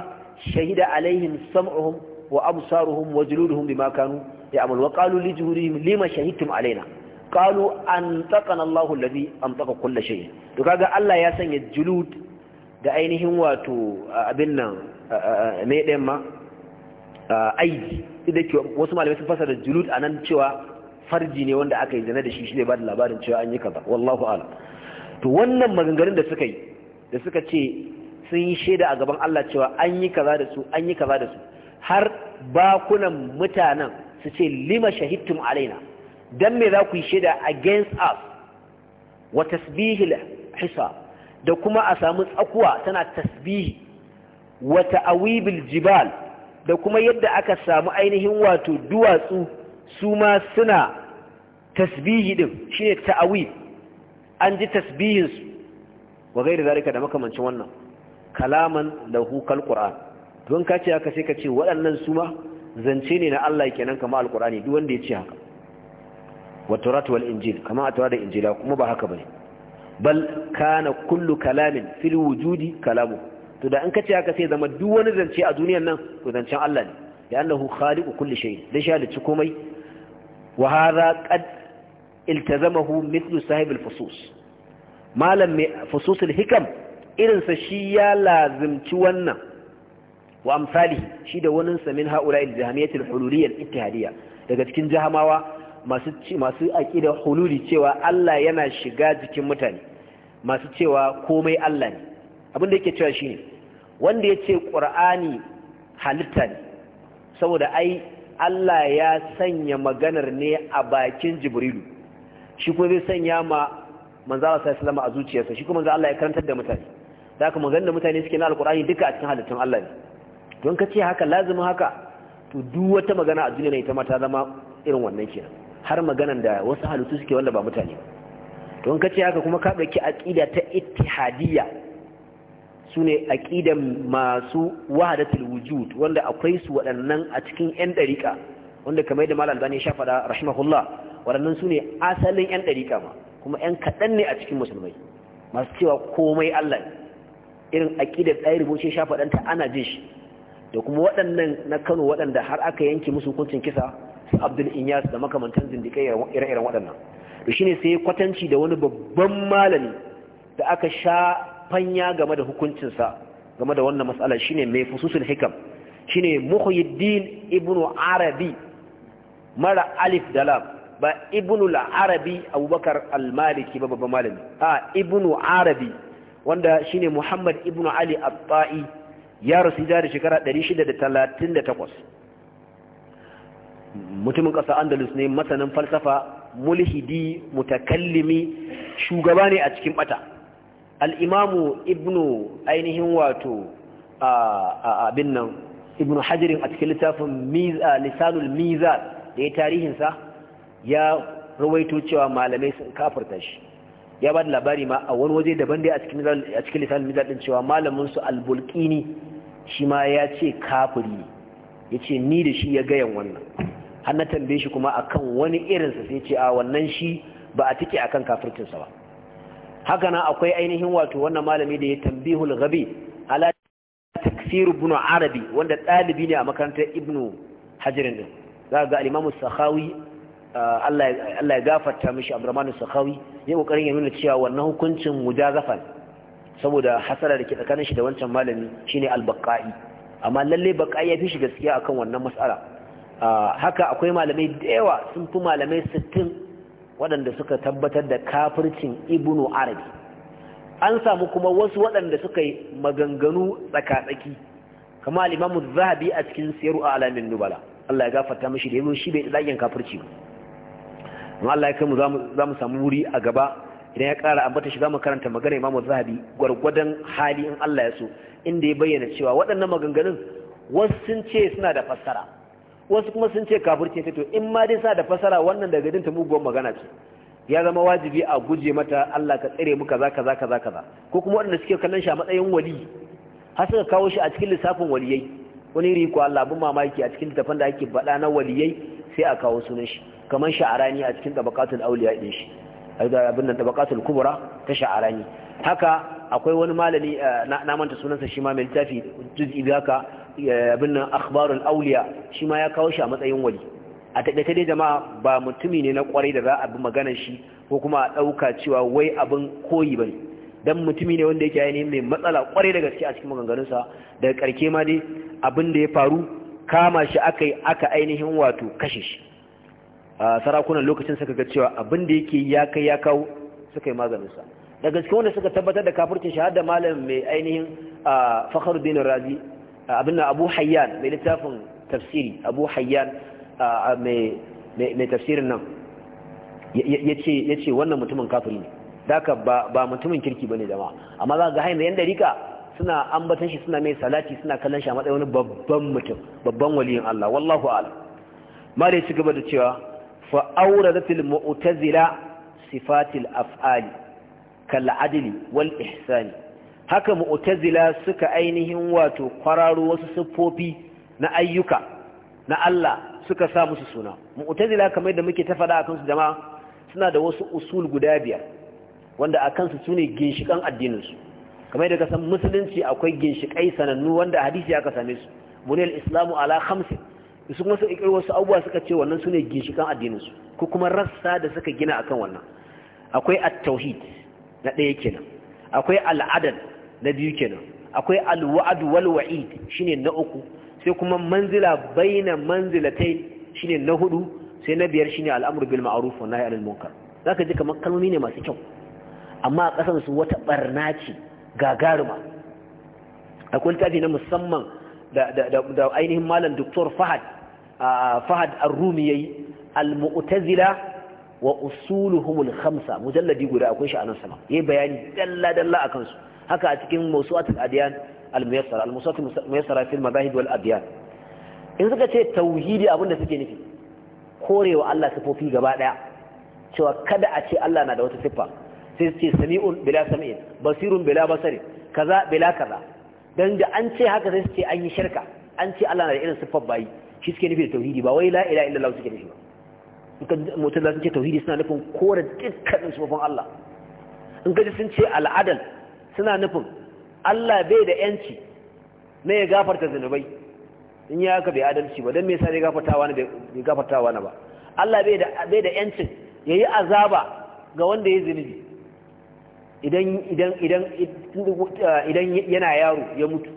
shahida alaihim sam'uhum wa absaruhum wa juluduhum bima kanu ya'malu wa qalu li juludihim lima shahidtum alaina qalu antaqana Allahu alladhi antaqa kull shay to kaga Allah ya sanya julud da ainihin wato abin nan me ɗin ma aiki inda ke wasu malamai sun fasara julud anan cewa farji ne wanda aka yi zina da shi ne ba da labarin cewa an yi kaza wallahu a'lam to wannan maganganun da suka yi da suka ce sun yi shaida a gaban Allah cewa an yi kaza da su an yi kaza da su har bakunan mutanen su ce lima shahidtum alaina dan me za ku yi shaida against us wa tasbihil hisa da kuma a samu tsakuwa tana tasbihi wa ta'awibil jibal da kuma yadda aka samu ainihin wato duwatsu su ma suna tasbihi din shine ta'awi an ji tasbihinsu. su wa gairi da makamancin wannan kalaman da hukal qur'an don ka ce haka sai ka ce waɗannan su ma zance ne na Allah kenan kamar alqur'ani duk wanda ya ce haka wa turat wal injil kama a tura da injila kuma ba haka bane bal kana kullu kalamin fil wujudi kalamu to da an kace haka sai zama duk wani zance a duniyar nan to zancen Allah ne da annahu khaliqu kulli shay da shi halicci komai wa hadha qad iltazamahu mithlu sahib al malam mai fusus hikam irin sa shi ya lazimci wannan wa amsali shi da wani sa min haula al-jahmiyyah al daga cikin jahamawa masu masu aqida hululi cewa Allah yana shiga jikin mutane masu cewa komai Allah ne abin da yake cewa shine wanda ya ce ƙur'ani halitta ne saboda ai Allah ya sanya maganar ne a bakin jibrilu shi kuma zai sanya ma manzala sai salama a zuciyarsa shi kuma manzo Allah ya karantar da mutane da haka maganar mutane suke na alƙur'ani duka a cikin halittun Allah ne don ka ce haka lazimin haka to duk wata magana a duniya ne ita ma ta zama irin wannan kenan har maganar da wasu halittu suke wanda ba mutane ba don ka ce haka kuma ka ɗauki aƙida ta ittihadiyya su ne aƙidan masu wahadatul wujud wanda akwai su waɗannan a cikin ƴan ɗariƙa wanda kamar yadda malam albani ya faɗa rahimahullah waɗannan su ne asalin ƴan ɗariƙa ma kuma ƴan kaɗan ne a cikin musulmai masu cewa komai allah irin aƙidar ɗaya rubuce sha ta ana jin shi da kuma waɗannan na kano waɗanda har aka yanke musu hukuncin kisa su abdul inyas da makamantan zindikai ire-iren waɗannan to shine sai kwatanci da wani babban malami da aka sha fanya game da hukuncinsa game da wannan matsalar shine mai fususul hikam shine muhyiddin ibnu arabi mara alif da lam ba ibnu arabi abubakar al-maliki ba babban malami a ibnu arabi wanda shine muhammad ibnu ali at-ta'i ya rasu da shekara 638 mutumin ƙasa andalus ne masanin falsafa mulhidi mutakallimi shugaba ne a cikin bata al'imamu ibnu ainihin wato a abin nan Ibn hajjirin a cikin littafin lissanul miza da ya tarihinsa ya rawaito cewa malamai sun kafarta shi ya ba da labari ma a wani waje daban da a cikin lissanul miza ɗin cewa malaminsu albulkini shi ma ya ce kafuri. ya ce ni da shi ya gayan wannan har na tambaye shi kuma a kan wani irinsa sai ce a wannan shi ba a tike kan kafircinsa ba haka nan akwai ainihin wato wannan malami da ya tambihul ghabi ala takfir ibn arabi wanda dalibi ne a makarantar ibnu hajirin din za ga al-imamu sakhawi ah, Allah ya gafarta mishi abdurrahman sakhawi ya kokarin ya nuna cewa wannan hukuncin mujazafan saboda hasara da ke tsakanin shi da wancan malami shine al-baqai amma lalle baqai ya fi shi gaskiya akan wannan mas'ala ah, haka akwai malamai da yawa sun fi malamai sittin. waɗanda suka tabbatar da kafircin ibnu arabi an samu kuma wasu waɗanda suka yi maganganu tsakatsaki kama al'imamu zahabi a cikin siyaru a alamin nubala Allah ya gafarta mashi da yi shi bai zagen kafirci amma Allah ya kai mu za mu samu wuri a gaba idan ya ƙara ambata shi za mu karanta magana imamu zahabi gwargwadon hali in Allah ya so inda ya bayyana cewa waɗannan maganganun wasu sun ce suna da fassara wasu kuma sun ce kafirci ce to in ma dai sa da fasara wannan daga dinta muguwar magana ce ya zama wajibi a guje mata Allah ka tsire mu kaza kaza kaza kaza ko kuma waɗanda suke kallon shi a matsayin wali har suka kawo shi a cikin lissafin waliyai wani ko Allah bin mamaki a cikin littafin da ake baɗa na waliyai sai a kawo sunan shi kamar sha'arani a cikin tabaqatul awliya din shi abin nan tabaqatul kubra ta sha'arani haka akwai wani malami eh, na manta sunansa shi ma mai littafi juz'i haka abin nan akhbarul awliya shi ma ya kawo shi a matsayin wali a takaice dai jama'a ba mutumi ne na kwarai da za a bi maganar shi ko kuma a dauka cewa wai abin koyi bane dan mutumi ne wanda yake yayin mai matsala kwarai da gaske a cikin maganganun sa daga karke ma dai abin da ya faru kama shi akai aka ainihin wato kashe shi sarakunan lokacin suka ga cewa abin da yake ya kai ya kawo suka yi maganin sa da gaske wanda suka tabbatar da kafircin shahada malam mai ainihin fakhruddin razi abin abu hayyan mai littafin tafsiri abu hayyan mai tafsirin nan ya ce wannan mutumin kafiri ne daga ba mutumin kirki ba ne jama'a amma za ga hain da yan dariƙa suna ambatan shi suna mai salati suna kallon shi a matsayin wani babban mutum babban waliyin Allah wallahu ala mare ci gaba da cewa fa awradatil mu'tazila sifatil af'ali kal adli wal ihsani haka mu'tazila suka ainihin wato kwararo wasu siffofi na ayyuka na Allah suka sa musu suna mu'tazila kamar da muke ta faɗa akan su jama'a suna da wasu usul guda biyar wanda akan su sune ginshikan addinin su kamar da san musulunci akwai ginshikai sanannu wanda hadisi aka same su bunil islamu ala khamsin su kuma su ikir wasu abubuwa suka ce wannan sune ginshikan addinin su ko kuma rassa da suka gina akan wannan akwai at-tauhid na ɗaya kenan akwai al'adal na biyu kenan akwai alwa'ad wal wa'id shine na uku sai kuma manzila baina manzilatai shine na hudu sai na biyar shine al'amru bil ma'ruf wa nahy anil munkar zaka ji kamar kalmomi ne masu kyau amma a kasan su wata barna ce gagaruma akwai littafi na musamman da da da ainihin malam doktor Fahad Fahad Ar-Rumi yayi al-mu'tazila wa usuluhum al-khamsa mujalladi guda akwai shi a nan sama yayi bayani dalla dalla akan su haka a cikin mawsu'at al-adyan al-muyassara al-mawsu'at al-muyassara fi al-madahib wal adyan in suka ce tauhidi abinda suke nufi korewa Allah sifofi gaba daya cewa kada a ce Allah na da wata siffa sai su ce sami'un bila sami'in basirun bila basari kaza bila kaza dan da an ce haka sai su ce an yi shirka an ce Allah na da irin siffar bayi shi suke nufi da tauhidi ba wai la ilaha illallah suke nufi ba mutum da sun ce tauhidi suna nufin kore dukkanin sufafin Allah in gaji sun ce al'adal suna nufin Allah bai da yanci na ya gafarta zunubai in ya haka bai adalci ba don me yasa bai gafarta wani ba Allah bai da bai ya yi azaba ga wanda ya zunubi idan yana yaro ya mutu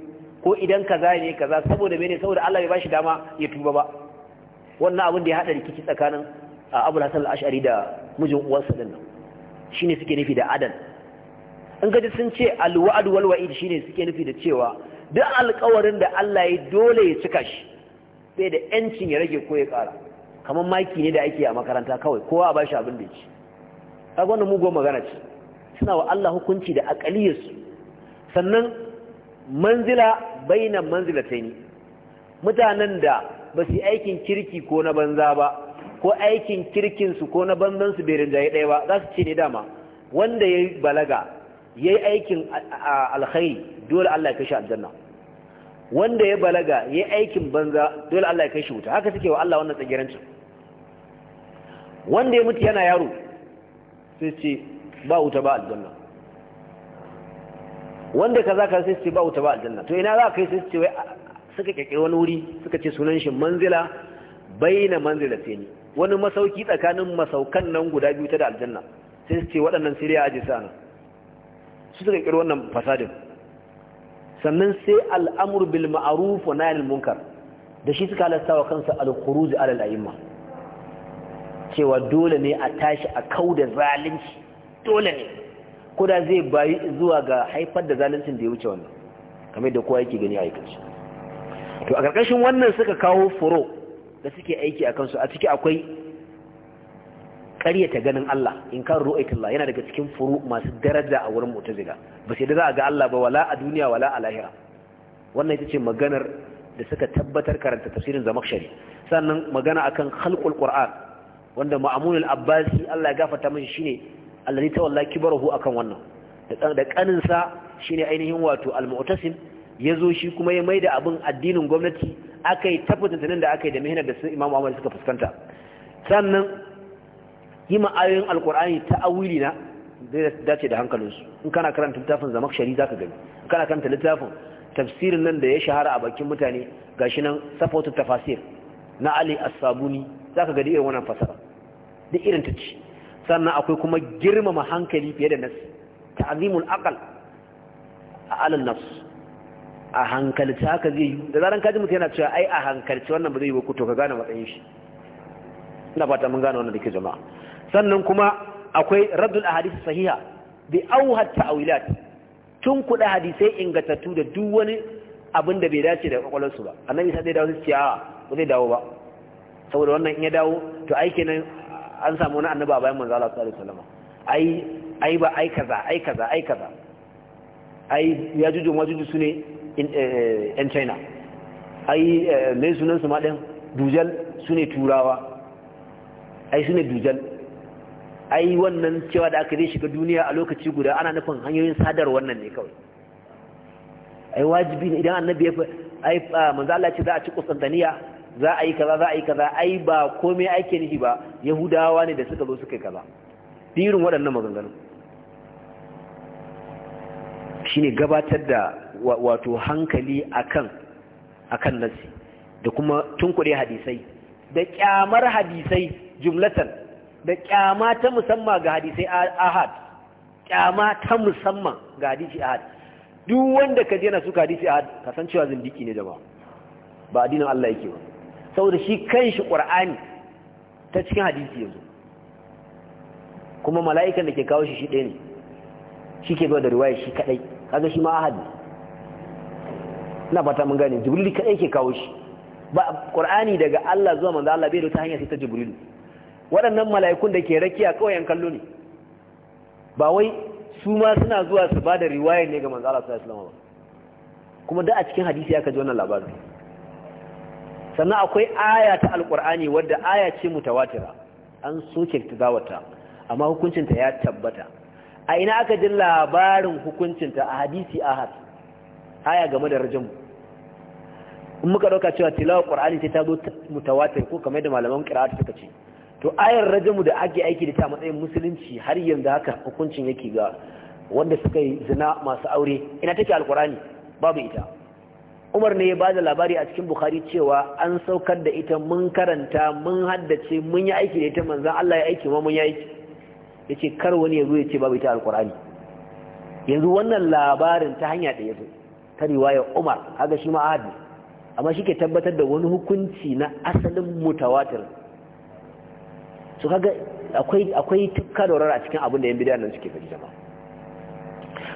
ko idan kaza ne kaza saboda mene saboda Allah bai shi dama ya tuba ba wannan abin da ya haɗa rikici tsakanin Abu Hassan al da mijin uwansa din nan shine suke nufi da adal in gaji sun ce alwa'ad walwai shi shine suke nufi da cewa duk alƙawarin da Allah ya dole ya cika shi sai da yancin ya rage ko ya ƙara kamar maki ne da ake a makaranta kawai kowa a bashi abin da ya ci kaga wannan mugun magana ce suna wa Allah hukunci da akaliyarsu sannan manzila bainan manzilataini mutanen da ba su aikin kirki ko na banza ba ko aikin kirkinsu ko na su bai rinjaye ɗaya ba za su ce ne dama wanda ya balaga yayi aikin alkhairi dole Allah ya kai shi aljanna wanda ya balaga yayi aikin banza dole Allah ya kai shi wuta haka suke wa Allah wannan tsagirancin wanda ya mutu yana yaro sai ce ba wuta ba aljanna wanda kaza ka sai ce ba wuta ba aljanna to ina za ka kai sai ce wai suka kekere wani wuri suka ce sunan shi manzila baina manzila ni wani masauki tsakanin masaukan nan guda biyu ta da aljanna sai su ce waɗannan siriya aje sa nan su suka kirkiro wannan fasadin sannan sai al'amur bil ma'arufu wa munkar da shi suka halasta wa kansa al-khuruj ala cewa dole ne a tashi a da zalunci dole ne ko da zai bayi zuwa ga haifar da zaluncin da ya wuce wannan kamar da kowa yake gani a aikace to a ƙarƙashin wannan suka kawo furo da suke aiki a kansu a ciki akwai ta ganin Allah in kan Allah yana daga cikin furu masu daraja a wurin mu'tazila ba sai da za a ga Allah ba wala a duniya wala a lahira wannan ita ce maganar da suka tabbatar karanta tafsirin zamakshari sannan magana akan halkul qur'an wanda ma'amun abbasi Allah ya gafarta mashi shine allazi tawalla kibarahu akan wannan da kanin sa shine ainihin wato al-mu'tasim yazo shi kuma ya maida abin addinin gwamnati akai tabbata da akai da mihnar da su Imam Ahmad suka fuskanta sannan yi ma'ayoyin alkur'ani ta awili na zai dace da hankalinsu in kana karanta littafin shari za ka gani kana karanta littafin tafsirin nan da ya shahara a bakin mutane shi nan safautu tafasir na ali a sabuni za ka gadi irin wannan fasara duk irin ta ci sannan akwai kuma girmama hankali fiye da nasi akal a alin nafs a hankali ta haka zai yi da zaran kaji mutu yana cewa ai a hankali. wannan ba zai yi ba ku to ka gane matsayin shi ina fata mun gane wannan da ke jama'a sannan kuma akwai raddul ahadith sahiha bi auhat ta'wilat tun kuɗa hadisai ingatattu da duk wani abin da bai dace da su ba annabi sai dawo ci a ba zai dawo ba saboda wannan in ya dawo to ai kenan an samu wani annaba a bayan manzo Allah sallallahu alaihi wasallam ai ai ba ai kaza ai kaza ai kaza ai ya juju majuju su ne in eh, China ai eh, mai sunan su ma din dujal su ne turawa ai su ne dujal ai wannan cewa da aka zai shiga duniya a lokaci guda ana nufin hanyoyin sadar wannan ne kawai ai wajibi ne idan annabi ya ai manzo Allah ce za a ci kusantaniya za a yi kaza za a yi kaza ai ba komai ake nihi ba yahudawa ne da suka zo suka yi kaza dirin waɗannan maganganu shine gabatar da wato hankali akan akan nasi da kuma tunkure hadisai da kyamar hadisai jumlatan da kyama ta musamman ga hadisai ahad kyama ta musamman ga hadisi ahad duk wanda ka jena suka hadisi ahad ka cewa zindiki ne jama'a ba addinin Allah yake ba saboda shi kanshi qur'ani ta cikin hadisi yanzu kuma mala'ikan da ke kawo shi shi ɗaya ne shi ke da riwaya shi kadai kaga shi ma ahad ina fata mun gane jibril kadai ke kawo shi ba ƙur'ani daga Allah zuwa manzo Allah bai da ta hanya sai ta jibril waɗannan mala'ikun da ke raki a ƙauyen kallo ne ba wai su ma suna zuwa su ba da riwaya ne ga manzala su islamu ba kuma da a cikin hadisi aka ji wannan labarin sannan akwai aya ta Alƙur'ani wadda aya ce mutawatira an soke zawata amma hukuncinta ya tabbata a ina aka ji labarin hukuncinta a hadisi ahad aya game da rajin in muka dauka cewa tilawar ƙwar'ani ta zo mutawatir ko kamar da malaman qira'at suka ce to ayar rajamu da ake aiki da ta matsayin musulunci har yanzu haka hukuncin yake ga wanda suka yi zina masu aure ina take alkurani babu ita umar ne ya ba da labari a cikin bukhari cewa an saukar da ita mun karanta mun haddace mun yi aiki da ita manzan allah ya aiki ma mun yi aiki ya ce kar wani ya zo ya ce babu ita alkurani yanzu wannan labarin ta hanya da ya zo ta riwayar umar haga shi ma ahadi amma shi ke tabbatar da wani hukunci na asalin mutawatir su kaga akwai tukka da a cikin abin da yan bid'a nan suke faɗi ba.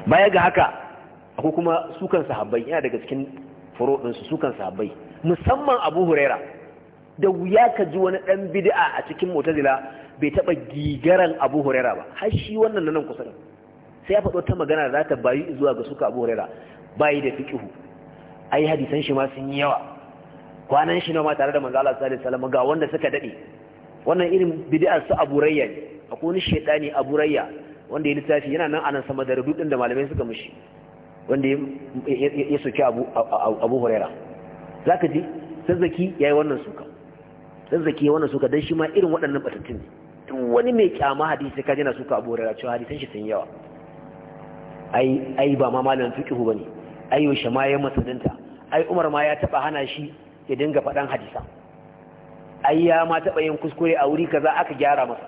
baya ga haka akwai kuma sukan sahabbai yana daga cikin furo sukan sahabbai musamman Abu Huraira da wuya ka ji wani dan bidi'a a cikin Mu'tazila bai taba gigaran Abu Huraira ba har shi wannan nan kusa sai ya faɗo ta magana da za ta bayi zuwa ga suka Abu Huraira bayi da fikihu. ai hadisan shi ma sun yi yawa kwanan shi ne ma tare da manzo Allah sallallahu alaihi ga wanda suka dade wannan irin bid'a su Abu ne akwai wani shedani Abu Rayya wanda ya littafi yana nan anan sama da rubutun da malamai suka mishi wanda ya soki Abu Abu Huraira zaka ji sazzaki yayi wannan suka sazzaki wannan suka dan shi ma irin waɗannan batattun ne duk wani mai kyama hadisi ka jina suka Abu Huraira cewa hadisan shi sun yawa ai ai ba ma malamin fiqhu bane ai yaushe ma ya masananta ai Umar ma ya taba hana shi ya dinga faɗan hadisa ai ya ma taɓa yin kuskure a wuri kaza aka gyara masa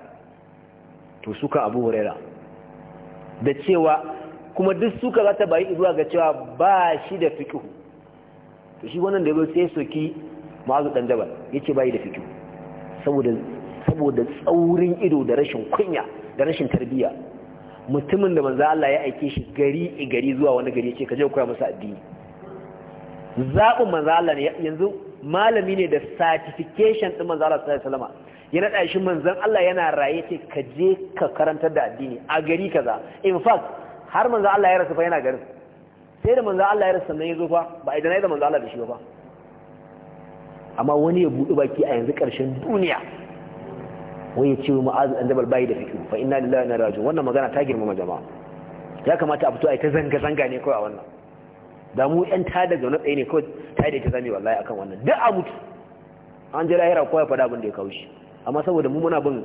to suka abu huraira da cewa kuma duk suka za ta bayi zuwa ga cewa ba shi da fikihu to shi wannan da ya sai soki ma'azu dan jabal yace bayi da fikihu saboda saboda tsaurin ido da rashin kunya da rashin tarbiyya mutumin da manzo Allah ya aike shi gari gari zuwa wani gari yace ka je koya masa addini zaɓin manzo Allah ne yanzu malami ne da certification ɗin manzo Allah sallallahu alaihi wasallam ya nada shi manzan Allah yana raye ce ka je ka karantar da addini a gari kaza in fact har manzo Allah ya rasu fa yana garin sai da manzo Allah ya rasu sannan ya zo fa ba idan ya da manzo Allah da shi ba amma wani ya buɗe baki a yanzu ƙarshen duniya wai ya ce wa ma'az an jabal bai da fikiru fa inna lillahi na rajiun wannan magana ta girmama jama'a ya kamata a fito a yi ta zanga zanga ne kawai a wannan da mu yan ta zaune tsaye ne kawai ta da ta zame wallahi akan wannan duk a mutu an je lahira ko ya faɗa abin da ya kawo shi amma saboda mu muna bin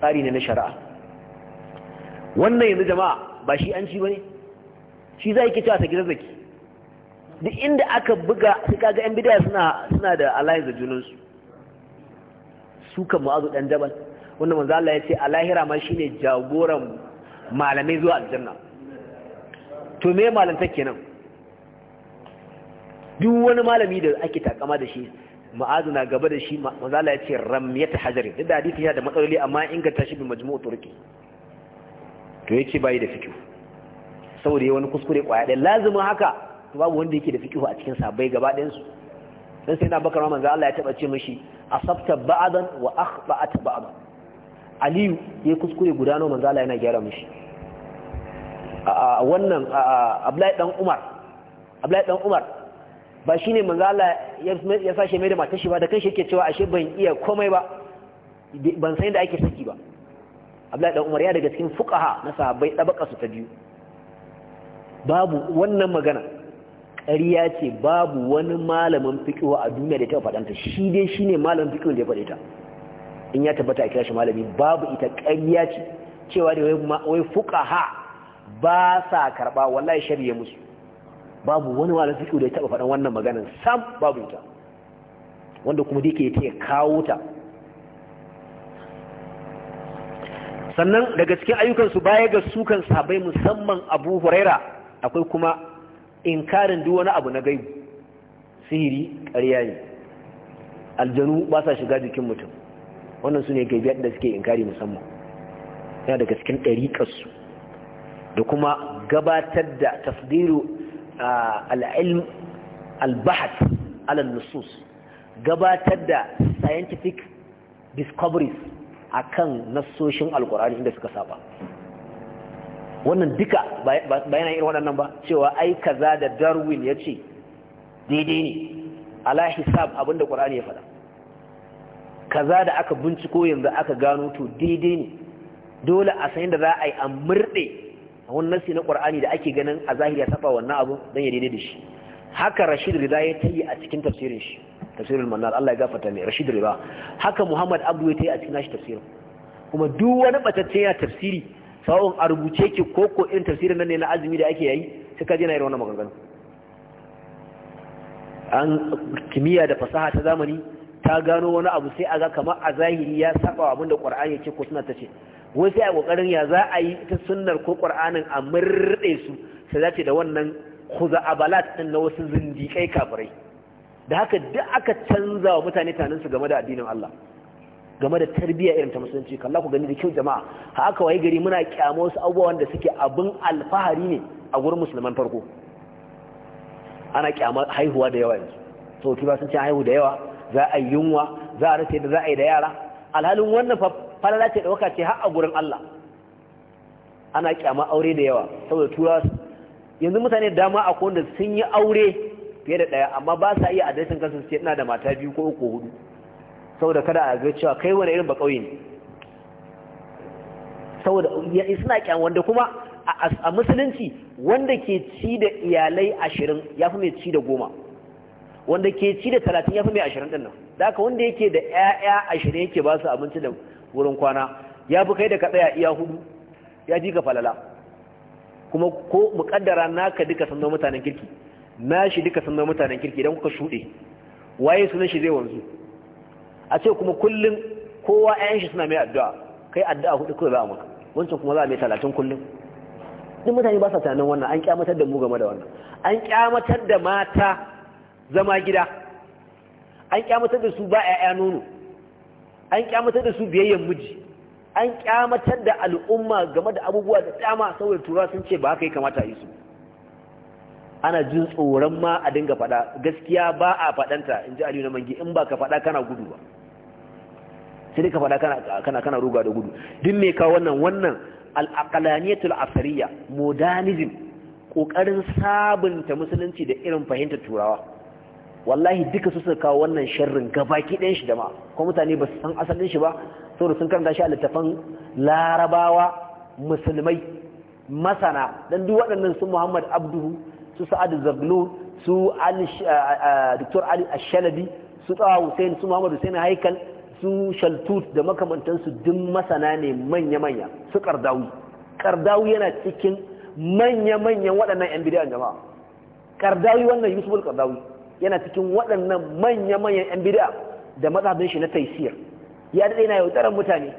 tsari ne na shari'a wannan yanzu jama'a ba shi an ci bane shi zai kici a sagirar zaki duk inda aka buga sai kaga yan bidaya suna suna da alliance da junan su su kan ma'azu dan jabal wanda manzo Allah ya ce a lahira ma shine jagoran malamai zuwa aljanna to me malantar kenan duk wani malami da ake takama da shi ma'azu na gaba da shi mazala ya ce ta hajjari duk da hadithi yana da matsaloli amma inganta shi bin majmu'u turki to yace bai da fikihu saboda wani kuskure kwaya da lazimin haka to babu wanda yake da fikihu a cikin sabai gaba ɗayan su dan sai na bakar ma manzo Allah ya taba ce mishi asabta ba'dan wa akhta'at ba'dan aliyu ya kuskure guda nawa manzo Allah yana gyara mishi a wannan abdullahi dan umar abdullahi dan umar ba shine manzo Allah ya sashi mai da matar shi ba da kanshi yake cewa ashe ban iya komai ba ban san da ake saki ba Abdullahi dan Umar ya daga cikin fuqaha na sahabbai tabaka su ta biyu babu wannan magana ƙariya ce babu wani malamin fiqh a duniya da ta faɗanta shi dai shine malamin fiqh da ya faɗe ta in ya tabbata a kira shi malami babu ita ƙariya ce cewa da wai fuqaha ba sa karba wallahi shari'a musu babu wani wala fiqh da ya taba faɗan wannan maganar sam babu ita wanda kuma dake ya kawo ta sannan daga cikin ayyukansu baya ga sukan sabai musamman abu huraira akwai kuma inkarin duk wani abu na gaibu sihiri ƙarya ne aljanu ba sa shiga jikin mutum wannan su ne gaibiyar da suke inkari musamman yana daga cikin ɗariƙarsu da kuma gabatar da tasdiru al'ilm al-bahat alal nusus gabatar da scientific discoveries akan nasoshin alkur'ani inda suka saba wannan duka bayan irin waɗannan ba cewa ai kaza da darwin ya ce daidai ne ala hisab abinda ƙwararri ya faɗa kaza da aka binciko yanzu aka gano to daidai ne dole a sayin da za a yi a murɗe wani nasi na ƙwar'ani da ake ganin a zahiri ya taɓa wannan abu don ya daidai da shi haka rashid rida ya tayi a cikin tafsirin shi tafsirin mannar Allah ya gafarta mai rashid rida haka muhammad abdu ya tayi a cikin nashi tafsirin kuma duk wani batacce ya tafsiri sawon a rubuce ki koko in tafsirin nan ne na azumi da ake yayi sai ka je na irin wannan maganganu an kimiyya da fasaha ta zamani ta gano wani abu sai a ga kamar a zahiri ya saba abin da ya ce ko suna ta ce wai sai a ƙoƙarin ya za a yi ta sunnar ko ƙwar'anin a murde su sai dace da wannan khuza'abalat din na wasu zindikai kafirai da haka duk aka canza wa mutane tanin su game da addinin Allah game da tarbiyya irin ta musulunci kalla ku gani da kyau jama'a haka wai gari muna kyama wasu abubuwan da suke abin alfahari ne a gurin musulman farko ana kyama haihuwa da yawa yanzu sauti ba sun ce haihu da yawa za a yi yunwa za a rufe da za a yi da yara alhalin wannan falala ce ɗauka ce har a gurin Allah ana kyama aure da yawa saboda tura yanzu mutane dama a wanda sun yi aure fiye da ɗaya amma ba sa iya adresin kansu su ce ina da mata biyu ko uku hudu saboda kada a ga cewa kai wani irin ba ƙauye ne saboda suna kyan wanda kuma a musulunci wanda ke ci da iyalai ashirin ya fi mai ci da goma wanda ke ci da talatin ya fi mai ashirin ɗin nan da aka wanda yake da ‘ya'ya ashirin yake ba su abinci da wurin kwana ya fi kai da ka tsaya iya hudu ya ji ka falala kuma ko muƙaddara naka duka sun zo mutanen kirki na shi duka sun zo mutanen kirki don kuka shuɗe waye sunan shi zai wanzu a ce kuma kullum kowa ‘ya'yan shi suna mai addu'a kai addu'a hudu kawai za a maka wancan kuma za a mai talatin kullum duk mutane ba sa tunanin wannan an kyamatar da mu game da wannan an kyamatar da mata zama gida an kyamatar da su ba ‘ya'ya nono an kyamatar da su biyayyen miji an kyamatar da al'umma game da abubuwa da dama saboda tura sun ce ba haka ya kamata yi su ana jin tsoron ma a dinga faɗa gaskiya ba a faɗanta in ji aliyu na mangi in ba ka faɗa kana gudu ba sai ka faɗa kana kana ruga da gudu duk me kawo wannan wannan al'akalaniyatul asariya modernism kokarin sabunta musulunci da irin fahimtar turawa wallahi duka su suka kawo wannan sharrin gabaki ɗayan shi da ma ko mutane ba su san asalin shi ba saboda sun karanta shi a littafan larabawa musulmai masana dan duk waɗannan su muhammad abduhu su Sa'ad zaglo su dr ali ashalabi su tsawa hussein su muhammad hussein haikal su shaltut da makamantansu duk masana ne manya-manya su kardawi kardawi yana cikin manya-manyan waɗannan yan bidiyan jama'a kardawi wannan yusuf kardawi yana cikin waɗannan manya-manyan 'yan bid'a da mazhabin shi na taisir ya daɗe yana yaudarar mutane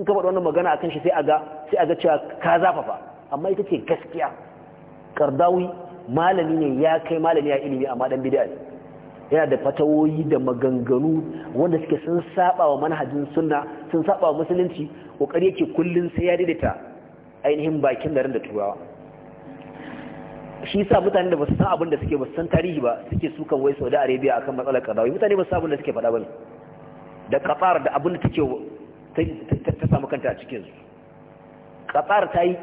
in ka faɗi wannan magana kan shi sai a ga sai aga cewa ka zafafa amma ita ce gaskiya kardawi malami ne ya kai malami a ilimi a dan bid'a ne yana da fatawoyi da maganganu wanda suke sun saba wa manhajin sunna sun saba wa musulunci kokari yake kullun sai ya daidaita ainihin bakin garin da turawa shi sa mutane da basu san abin da suke basu san tarihi ba suke sukan wai Saudi Arabia akan matsalar kadawai mutane basu san abin da suke faɗa bane da Qatar da abin da take ta samu kanta a cikin su kasar ta yi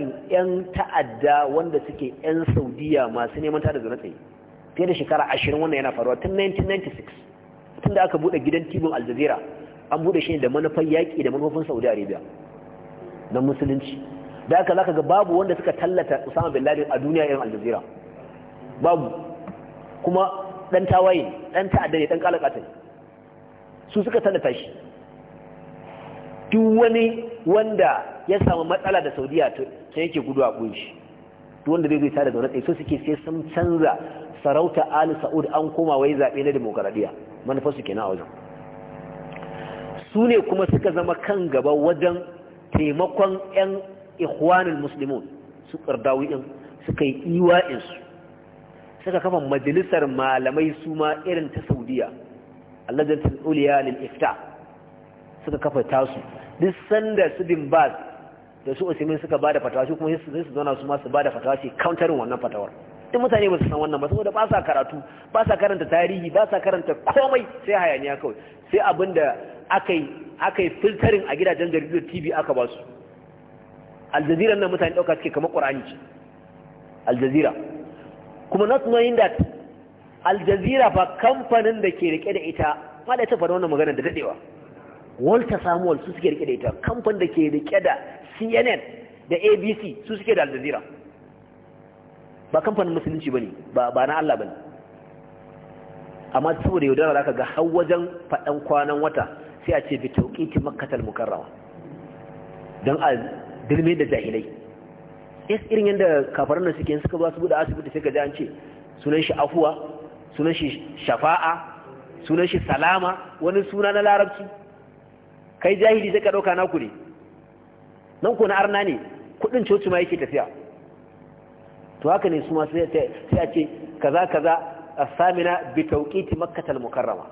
in yan ta'adda wanda suke yan Saudiya masu neman ta da zuna tsaye fiye da shekara ashirin wannan yana faruwa tun 1996 tun da aka bude gidan tibin Aljazeera an bude shi ne da manufan yaƙi da manufofin Saudi Arabia na musulunci da aka zaka ga babu wanda suka tallata Usama bin Laden a duniya irin Al Jazeera babu kuma dan tawaye dan ta'adda ne dan kalakatai su suka tallata shi duk wani wanda ya samu matsala da Saudiya to sai yake gudu a kunshi duk wanda zai tare da wani so suke sai sun canza sarauta Ali Saud an koma wai zabe na demokradiya manufar su kenan a wajen su ne kuma suka zama kan gaba wajen taimakon 'yan ikhwanul muslimun su qardawi din suka yi iwa'in su suka kafa majalisar malamai su ma irin ta Saudiya alladatul uliya lil ifta suka kafa tasu duk sanda su bin bas da su usmin suka bada fatawa shi kuma sai su zauna su ma su bada fatawa shi counterin wannan fatawar duk mutane ba su san wannan ba saboda ba sa karatu ba sa karanta tarihi ba sa karanta komai sai hayaniya kawai sai abinda aka yi filtering a gidajen jaridar tv aka ba su aljazira nan mutane dauka suke kamar qur'ani ce aljazira kuma not knowing that aljazira ba kamfanin da ke rike da ita ma da ita fara wannan magana da dadewa Walter Samuel su suke rike da ita kamfanin da ke rike da CNN da ABC su suke da aljazira ba kamfanin musulunci bane ba ba na Allah bane amma saboda da zaka ga har wajen faɗan kwanan wata sai a ce bi tauqiti makkatal mukarrama dan dilmi da jahilai yes irin yadda kafaran da suke suka ba su buɗe asibiti sai ka ji an ce sunan shi afuwa sunan shi shafa'a sunan shi salama wani suna na larabci kai jahili sai ka ɗauka naku ne nan ko na arna ne kuɗin coci ma yake tafiya to haka ne su ma sai a ce kaza kaza asamina bi tauqiti makkatal mukarrama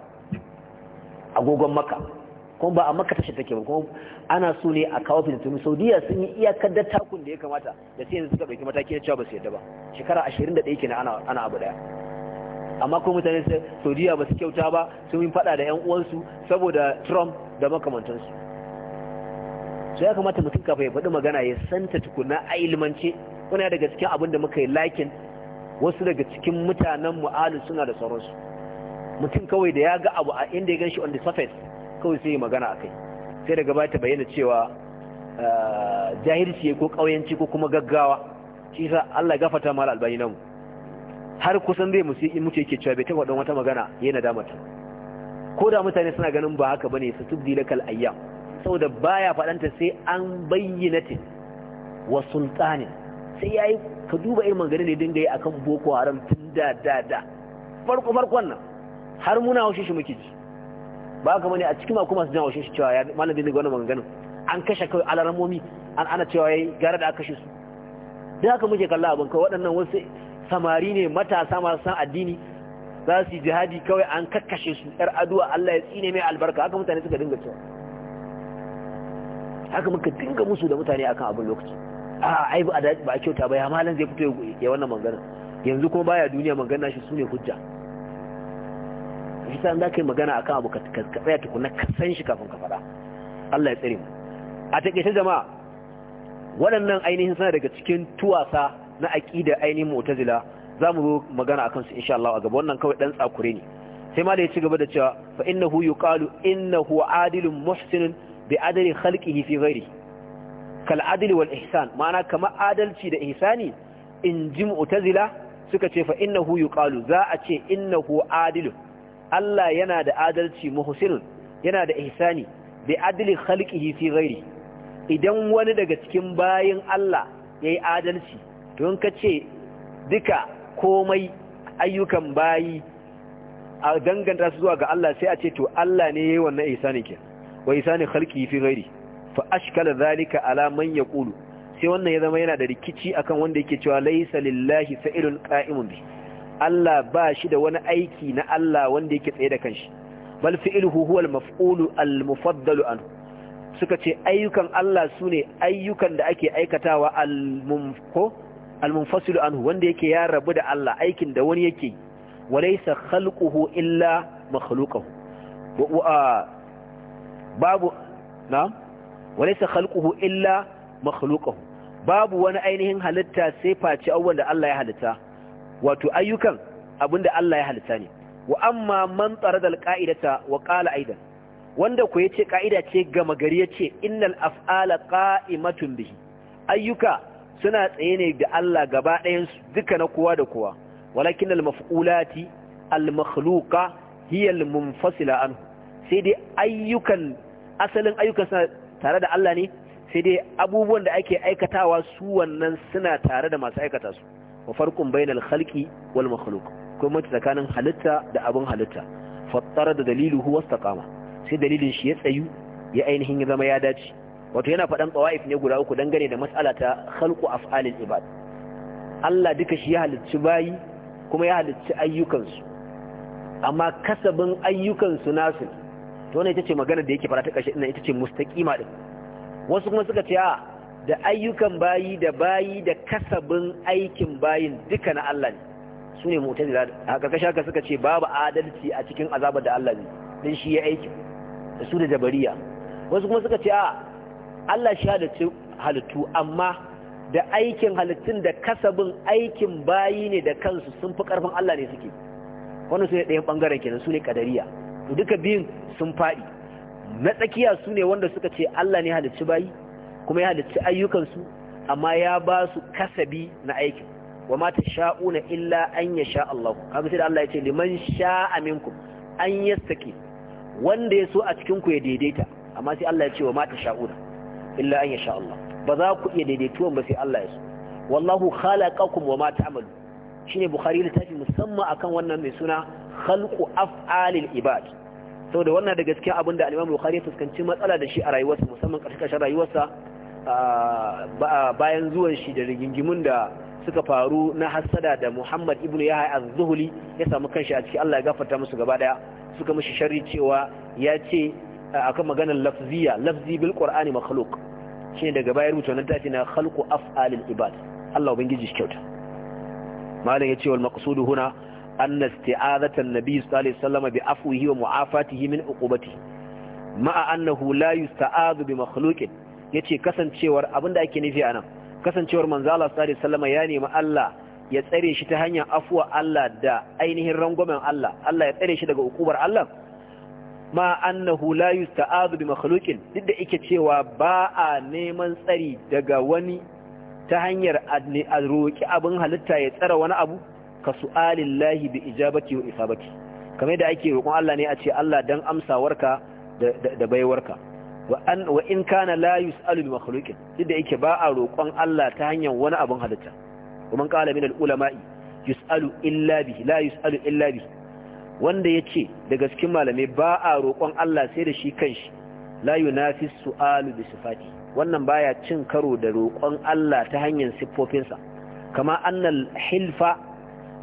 agogon makka kuma ba a maka tashi take ba kuma ana so ne a kawo fitattun saudiya sun yi iyakar da takun da ya kamata da sai yanzu suka ɗauki mataki na cewa ba su yadda ba shekara ashirin da ɗaya kenan ana ana abu ɗaya amma kuma mutane saudiya ba su kyauta ba sun yi faɗa da yan uwansu saboda trump da makamantansu so ya kamata mutum kafa ya faɗi magana ya santa tukuna a ilmance wani daga cikin abin da muka yi lakin wasu daga cikin mutanen mu'alin suna da sauransu mutum kawai da ya ga abu a inda ya gan shi on the surface kawai sai magana a kai sai daga ba ta bayyana cewa eh, jahilci ko ƙauyenci ko kuma gaggawa shi sa Allah ya gafarta mal albani namu har kusan zai musu in muke yake cewa bai taba don wata magana yana da mata ko da mutane suna ganin ba haka bane su tubdi lakal ayyam saboda baya faɗanta sai an bayyana ta wa sultani sai yayi ka duba irin magana ne dinga yi akan boko haram tun da da da farko farkon nan har muna haushe shi muke ji ba ka mani a cikin akwai masu jan washe shi cewa ya malamin ne gwamnan maganganu an kashe kawai alarammomi an ana cewa ya gara da aka kashe su da haka muke kalla abin kawai waɗannan wasu samari ne matasa masu san addini za su yi jihadi kawai an kakkashe su yar addu'a Allah ya tsine mai albarka haka mutane suka dinga cewa haka muka dinga musu da mutane akan abin lokaci a ai ba a kyauta ba ya malam zai fito ya wannan maganganu yanzu kuma baya duniya maganganu shi sune hujja shi sa za ka yi magana akan abu ka tsaya tukuna ka san shi kafin ka faɗa Allah ya tsare mu a takaice jama'a waɗannan ainihin suna daga cikin tuwasa na aƙida ainihin mu'tazila za mu zo magana akan su insha Allah a gaba wannan kawai dan tsakure ne sai ma ya ci gaba da cewa fa innahu yuqalu innahu adilun muhsinun bi adali khalqihi fi ghairi kal adli wal ihsan ma'ana kamar adalci da ihsani in ji mu'tazila suka ce fa innahu yuqalu za a ce innahu adilun Allah yana da adalci muhsin yana da ihsani bi adli khalqihi fi ghairi idan wani daga cikin bayin Allah yayi adalci to in ka duka komai ayyukan bayi a danganta su zuwa ga Allah sai a ce to Allah ne yayi wannan ihsani ke wa ihsani khalqihi fi ghairi fa ashkala zalika ala man yaqulu sai wannan ya zama yana da rikici akan wanda yake cewa laysa lillahi sa'ilun qa'imun bi Allah ba shi da wani aiki na Allah wanda yake tsaye da kanshi bal fi'luhu huwa al-maf'ulu al-mufaddalu an suka ce ayyukan Allah su ne ayyukan da ake aikatawa al-mumko al-munfasilu anhu wanda yake ya rabu da Allah aikin da wani yake walaysa khalquhu illa makhluquhu babu na walaysa khalquhu illa makhluquhu babu wani ainihin halitta sai face abubuwan da Allah ya halitta wato ayyukan abinda Allah ya halitta ne wa amma man tsara da ka'idata wa qala aidan wanda ku yace ka'ida ce gama gari yace innal af'ala qa'imatun bihi ayyuka suna tsaye ne da Allah gaba ɗayan su duka na kowa da kowa walakin al maf'ulati al makhluqa hiya al munfasila anhu sai dai ayyukan asalin ayyukan suna tare da Allah ne sai dai abubuwan da ake aikatawa su wannan suna tare da masu aikata su wa farqun bainal khalqi wal makhluq kuma tsakanin halitta da abin halitta fattara da dalilu huwa istiqama sai dalilin shi ya tsayu ya ainihin ya zama ya dace wato yana faɗan qawaif ne guda uku dangane da mas'ala ta khalqu af'alil ibad Allah duka shi ya halicci bayi kuma ya halicci ayyukansu amma kasabin ayyukansu nasu to ne ita ce magana da yake fara ta kashe ina ita ce mustaqima din wasu kuma suka ce a da ayyukan bayi da bayi da kasabin aikin bayin duka na Allah ne su ne mutazila da karkashin haka suka ce babu adalci a cikin azabar da Allah ne don shi ya aiki da su da jabariya wasu kuma suka ce a Allah shi halittu halittu amma da aikin halittun da kasabin aikin bayi ne da kansu sun fi karfin Allah ne suke wannan su ne ɗayan ɓangaren kenan su ne kadariya duka biyun sun faɗi na tsakiya su ne wanda suka ce Allah ne halittu bayi kuma ya halicci ayyukansu amma ya ba su kasabi na aikin wa ma sha'una illa an ya sha Allah kaga sai da Allah ya ce liman sha'a minkum an yastaki wanda ya so a cikin ku ya daidaita amma sai Allah ya ce wa ma sha'una illa an ya sha Allah ba za ku iya daidaituwan ba sai Allah ya so wallahu khalaqakum wa ma ta'malu shine bukhari tafi musamman akan wannan mai suna khalqu af'alil ibad saboda wannan da gaskiya abinda al-imam bukhari ya fuskanci matsala da shi a rayuwarsa musamman ƙarshen rayuwarsa bayan zuwan shi da rigingimun da suka faru na hassada da Muhammad Ibn Yahya az-Zuhli ya samu kanshi a cikin Allah ya gafarta musu gaba daya suka mishi sharri cewa ya ce akan maganar lafziya lafzi bil qur'ani makhluq shine daga bayan rubuta wannan tafi na khalqu af'alil ibad Allah ubangiji shi kyauta malam yace wal maqsudu huna anna isti'azata an-nabi sallallahu alaihi wasallam bi afwihi wa mu'afatihi min uqubati ma'a annahu la yusta'adu bi makhluqin ya ce kasancewar abinda ake nufi a nan kasancewar manzala Allah salama ya nemi Allah ya tsare shi ta hanyar afuwa Allah da ainihin rangwamen Allah Allah ya tsare shi daga ukubar Allah ma annahu la yusta'adu bi makhluqin duk da yake cewa ba a neman tsari daga wani ta hanyar a roki abin halitta ya tsara wani abu ka su'alillahi bi ijabati wa isabati kamar da ake roƙon Allah ne a ce Allah dan amsawarka da baiwarka wa in kana la yus'alu bi makhluqin duk da yake ba a roƙon Allah ta hanyar wani abun halitta kuma qala min al-ulama'i yus'alu illa bihi la yus'alu illa bihi. wanda yake daga gaskin malamai ba a roƙon Allah sai da shi kanshi la yunafi su'alu bi sifati wannan baya cin karo da roƙon Allah ta hanyar siffofinsa kama annal hilfa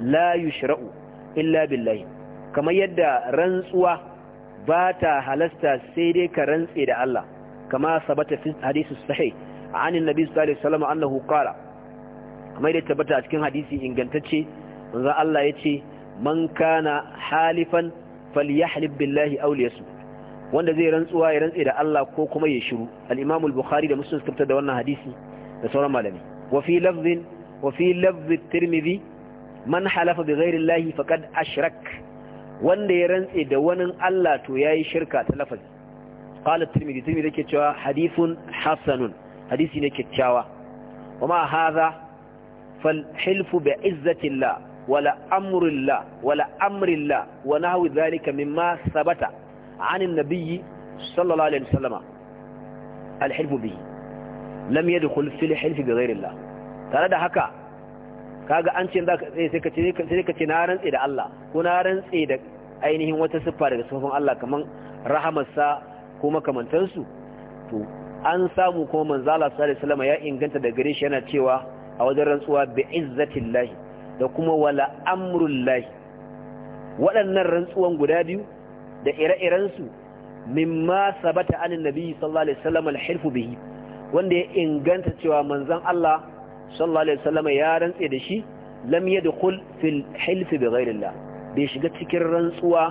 la yushra'u illa billahi kamar yadda rantsuwa ba ta halasta sai dai ka rantse da Allah kama sabata fi hadisi sahih an annabi sallallahu alaihi wasallam annahu qala kamar da tabbata a cikin hadisi ingantacce manzo Allah yace man kana halifan falyahlib billahi aw liyasmut wanda zai rantsuwa ya rantse da Allah ko kuma ya shiru al-Imam al-Bukhari da Muslim suka da wannan hadisi da sauran malami wa fi lafzin wa fi lafz at-Tirmidhi man halafa bi ghayri faqad ashrak wanda ya rantse da wani Allah to yayi shirka ta lafazi qala tirmidhi tirmidhi yake cewa hadithun hasanun hadisi ne kyakkyawa wama hadha fal hilfu bi izzati Allah wala amru Allah wala amri wa nahwi dhalika mimma sabata عن النبي صلى الله عليه وسلم الحلف به لم يدخل في الحلف بغير الله tare da haka kaga an ce zaka tsaye sai ka ce sai ka ce na rantse da Allah ko na rantse da ainihin wata siffa daga sifofin Allah kaman rahamarsa ko makamantansu to an samu kuma manzo Allah sallallahu alaihi ya inganta da gare shi yana cewa a wajen rantsuwa bi izzatillahi da kuma wala amrullahi waɗannan rantsuwan guda biyu da ire-irensu iren mimma sabata anin nabi sallallahu alaihi wasallam alhirfu bihi wanda ya inganta cewa manzon Allah sallallahu alaihi wasallam ya rantse da shi lam yadkhul fil hilf bi bai shiga cikin rantsuwa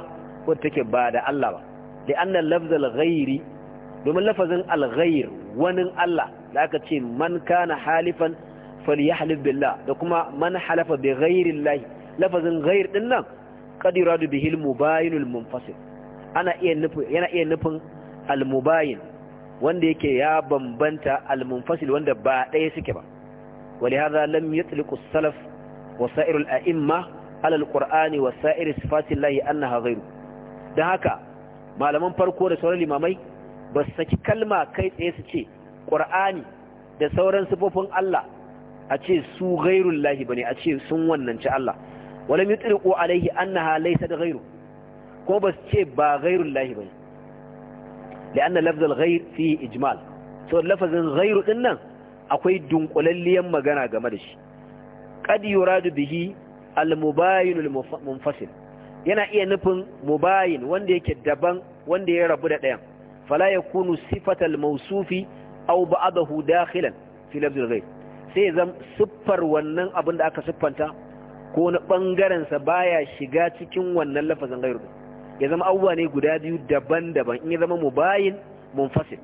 wadda take ba da Allah ba da anna lafzal ghairi domin lafazin al-ghair wani Allah da aka ce man kana halifan falyahlif billah da kuma man halafa bi lafazin ghair din nan qad yuradu bihi al-mubayin al-munfasil ana iya nufin yana iya nufin al-mubayin wanda yake ya bambanta al-munfasil wanda ba ɗaya suke ba ولهذا لم يطلق السلف وسائر الأئمة على القرآن وسائر صفات الله أنها غيره ده هكا ما لمن فرقوا رسول الإمامي بس سكي كلمة كيف يسكي قرآني da sauran sifofin Allah a ce su ghairun lahi bane a ce sun wannanci Allah walam yutriqu alaihi annaha laysa da ghairu ko ba su ce ba ghairun lahi bane lianna lafzal ghair fi ijmal so lafazin Rairu din nan akwai dunkulalliyan magana game da shi qad yuradu bihi al-mubayin al-munfasil yana iya nufin mubayin wanda yake daban wanda ya rabu da ɗayan fala yakunu sifatal mawsufi aw ba'dahu dakhilan fi lafzil ghayb sai zam siffar wannan abin da aka siffanta ko na bangaren sa baya shiga cikin wannan lafazin ghaib ya zama abubuwa ne guda biyu daban-daban in ya zama mubayin munfasil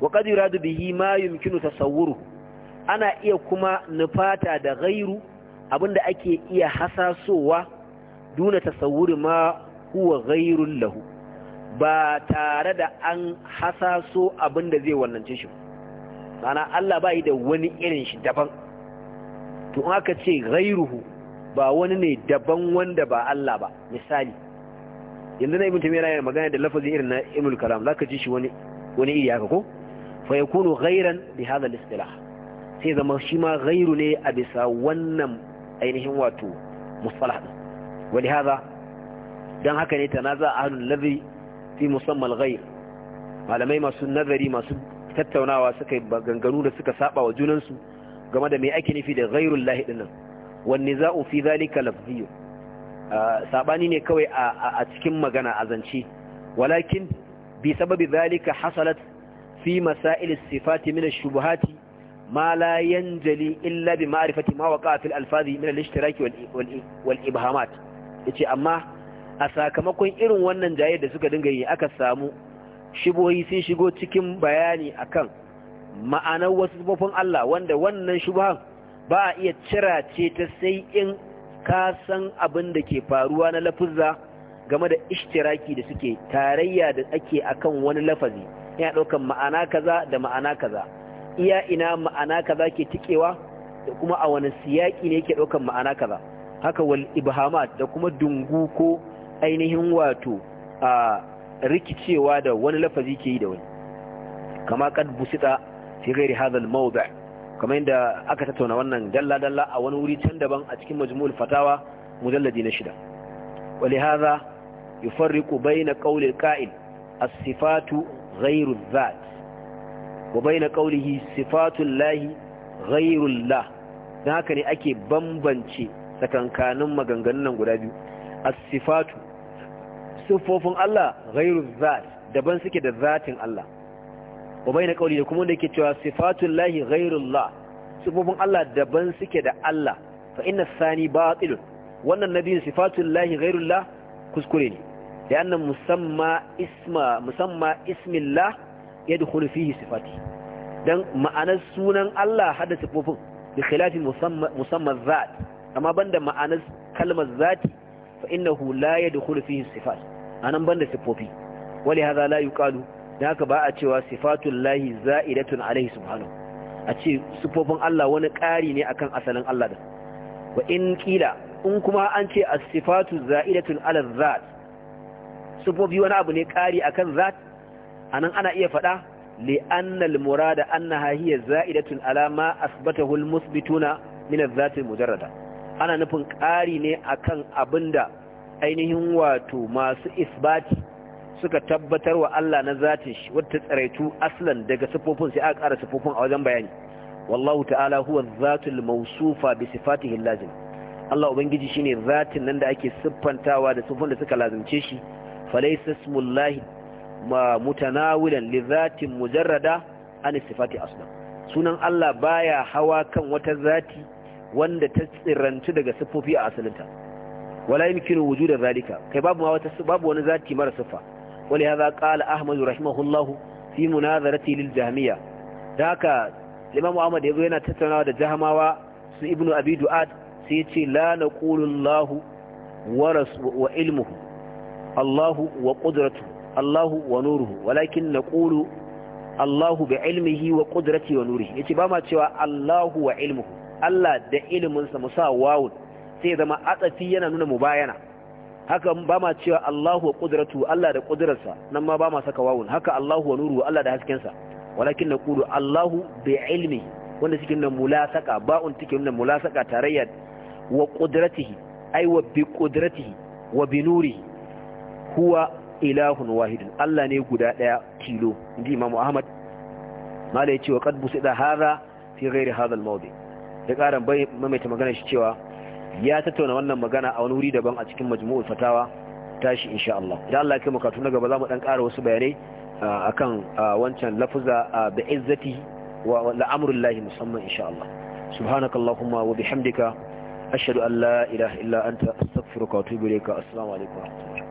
wa qad yuradu bihi ma yumkinu tasawwuru ana iya kuma nufata da ghairu abinda ake iya hasasowa duna tasawwuri ma huwa ghairun lahu ba tare da an hasaso abinda zai wannance shi ma'ana Allah ba yi da wani irin shi daban to aka ce ghairuhu ba wani ne daban wanda ba Allah ba misali yanzu na ibn tamiya yana magana da lafazin irin na ilmul kalam zaka ji shi wani wani iri haka ko fa yakunu ghairan bi hadha al-istilah sai zama shi ma ghairu ne a bisa wannan ainihin wato mustalah din Wa hadha dan haka ne tanaza ahlul ladhi fi musamma al-ghair malamai masu nazari masu tattaunawa suka yi ganganu da suka saba wa junansu game da me ake nufi da ghairul lahi dinnan wan niza'u fi zalika lafziyyu sabani ne kawai a cikin magana a zance walakin bi sababi zalika hasalat fi masail sifati min ash-shubuhati ma la yanjali illa bi ma'rifati ma waqa fil alfazi min al-ishtiraki wal ibhamat yace amma a sakamakon irin wannan jaye da suka dinga yi aka samu shubuhi sun shigo cikin bayani akan ma'anar wasu sifofin Allah wanda wannan shubuhan ba a iya cira ce ta sai in ka san abin da ke faruwa na lafuzza game da ishtiraki da suke tarayya da ake akan wani lafazi yana ɗaukan ma'ana kaza da ma'ana kaza iya ina ma'ana kaza ke tikewa da kuma a wani siyaki ne ke ɗaukan ma'ana kaza haka wal ibhamat da kuma dungu ko ainihin wato a rikicewa da wani lafazi ke yi da wani kama kad busita fi ghairi hadha al kamar yadda aka tattauna wannan dalla dalla a wani wuri can daban a cikin majmu'ul fatawa mujalladi na shida bayna qawli al-qa'il as-sifatu ghairu dhat wa bayna qawlihi sifatullahi ghairu llah dan ne ake bambance tsakankanin maganganun guda biyu as-sifatu sifofin Allah ghairu dhat daban suke da zatin Allah wa bayna qawli da kuma wanda yake cewa sifatul lahi ghairul la Allah daban suke da Allah fa sani batil wannan nabi sifatun lahi ghairul kuskure ne da annan musamma isma musamma ismillah yadkhulu fihi sifati dan ma'anar sunan Allah hada sifofin bi khilafi musamma musamma zat amma banda ma'anar kalmar zati fa innahu la yadkhulu fihi sifat anan banda sifofi wali hadha la yuqalu da haka ba a cewa sifatul lahi za'idatun alaihi subhanahu a ce sifofin Allah wani ƙari ne akan asalin Allah da wa in kila in kuma an ce sifatu za'idatun ala zat sufofi wani abu ne kari akan zat anan ana iya faɗa li'anna al-murada annaha hiya za'idatun ala ma asbatahu al min az-zat al-mujarrada ana nufin kari ne akan abinda ainihin wato masu isbati suka tabbatar wa Allah na zatin shi wata tsaraitu aslan daga sufofin sai aka ƙara sifofin a wajen bayani wallahu ta'ala huwa zatul mawsufa bi sifatihi lazim Allah ubangiji shine zatin nan da ake siffantawa da sufofin da suka lazimce shi falaysa ismullahi mutanawilan li zatin mujarrada an sifati aslan sunan Allah baya hawa kan wata zati wanda ta tsirantu daga sifofi a asalinta wala yumkinu wujuda zalika kai babu wata babu wani zati mara sifa wali hadha qala ahmad rahimahullahu fi munazarati lil jahmiya da haka imam ahmad yazo yana tattaunawa da jahmawa su ibnu abi duad sai ya ce la naqulu allah wa ilmuhu Allahu wa qudratu Allahu wa nuruhu walakin naqulu Allahu bi ilmihi wa qudrati wa nurihi yace ba ma cewa Allahu wa ilmuhu Allah da iliminsa musa wawu sai zama atsafi yana nuna mu bayana haka ba ma cewa Allahu wa qudratu Allah da qudrarsa nan ma ba ma saka wawun haka Allahu wa nuruhu Allah da hasken sa. walakin naqulu Allahu bi ilmihi wanda suke nuna mulasaka ba'un take nuna mulasaka tarayya wa qudratihi ai wa bi qudratihi wa bi nurihi huwa ilahun wahidun Allah ne guda daya tilo inji Imam Ahmad mala ce wa ƙadbu qad busida hadha fi ghairi hadha al-mawdi da karan bai mamaita magana shi cewa ya tattauna wannan magana a wani wuri daban a cikin majmu'ul fatawa tashi insha Allah idan Allah ya kai makatu na gaba za mu ɗan ƙara wasu bayanai akan wancan lafuza bi izzati wa lahi musamman insha Allah subhanakallahumma wa bihamdika ashhadu an la ilaha illa anta astaghfiruka wa atubu ilayka assalamu alaikum wa rahmatullahi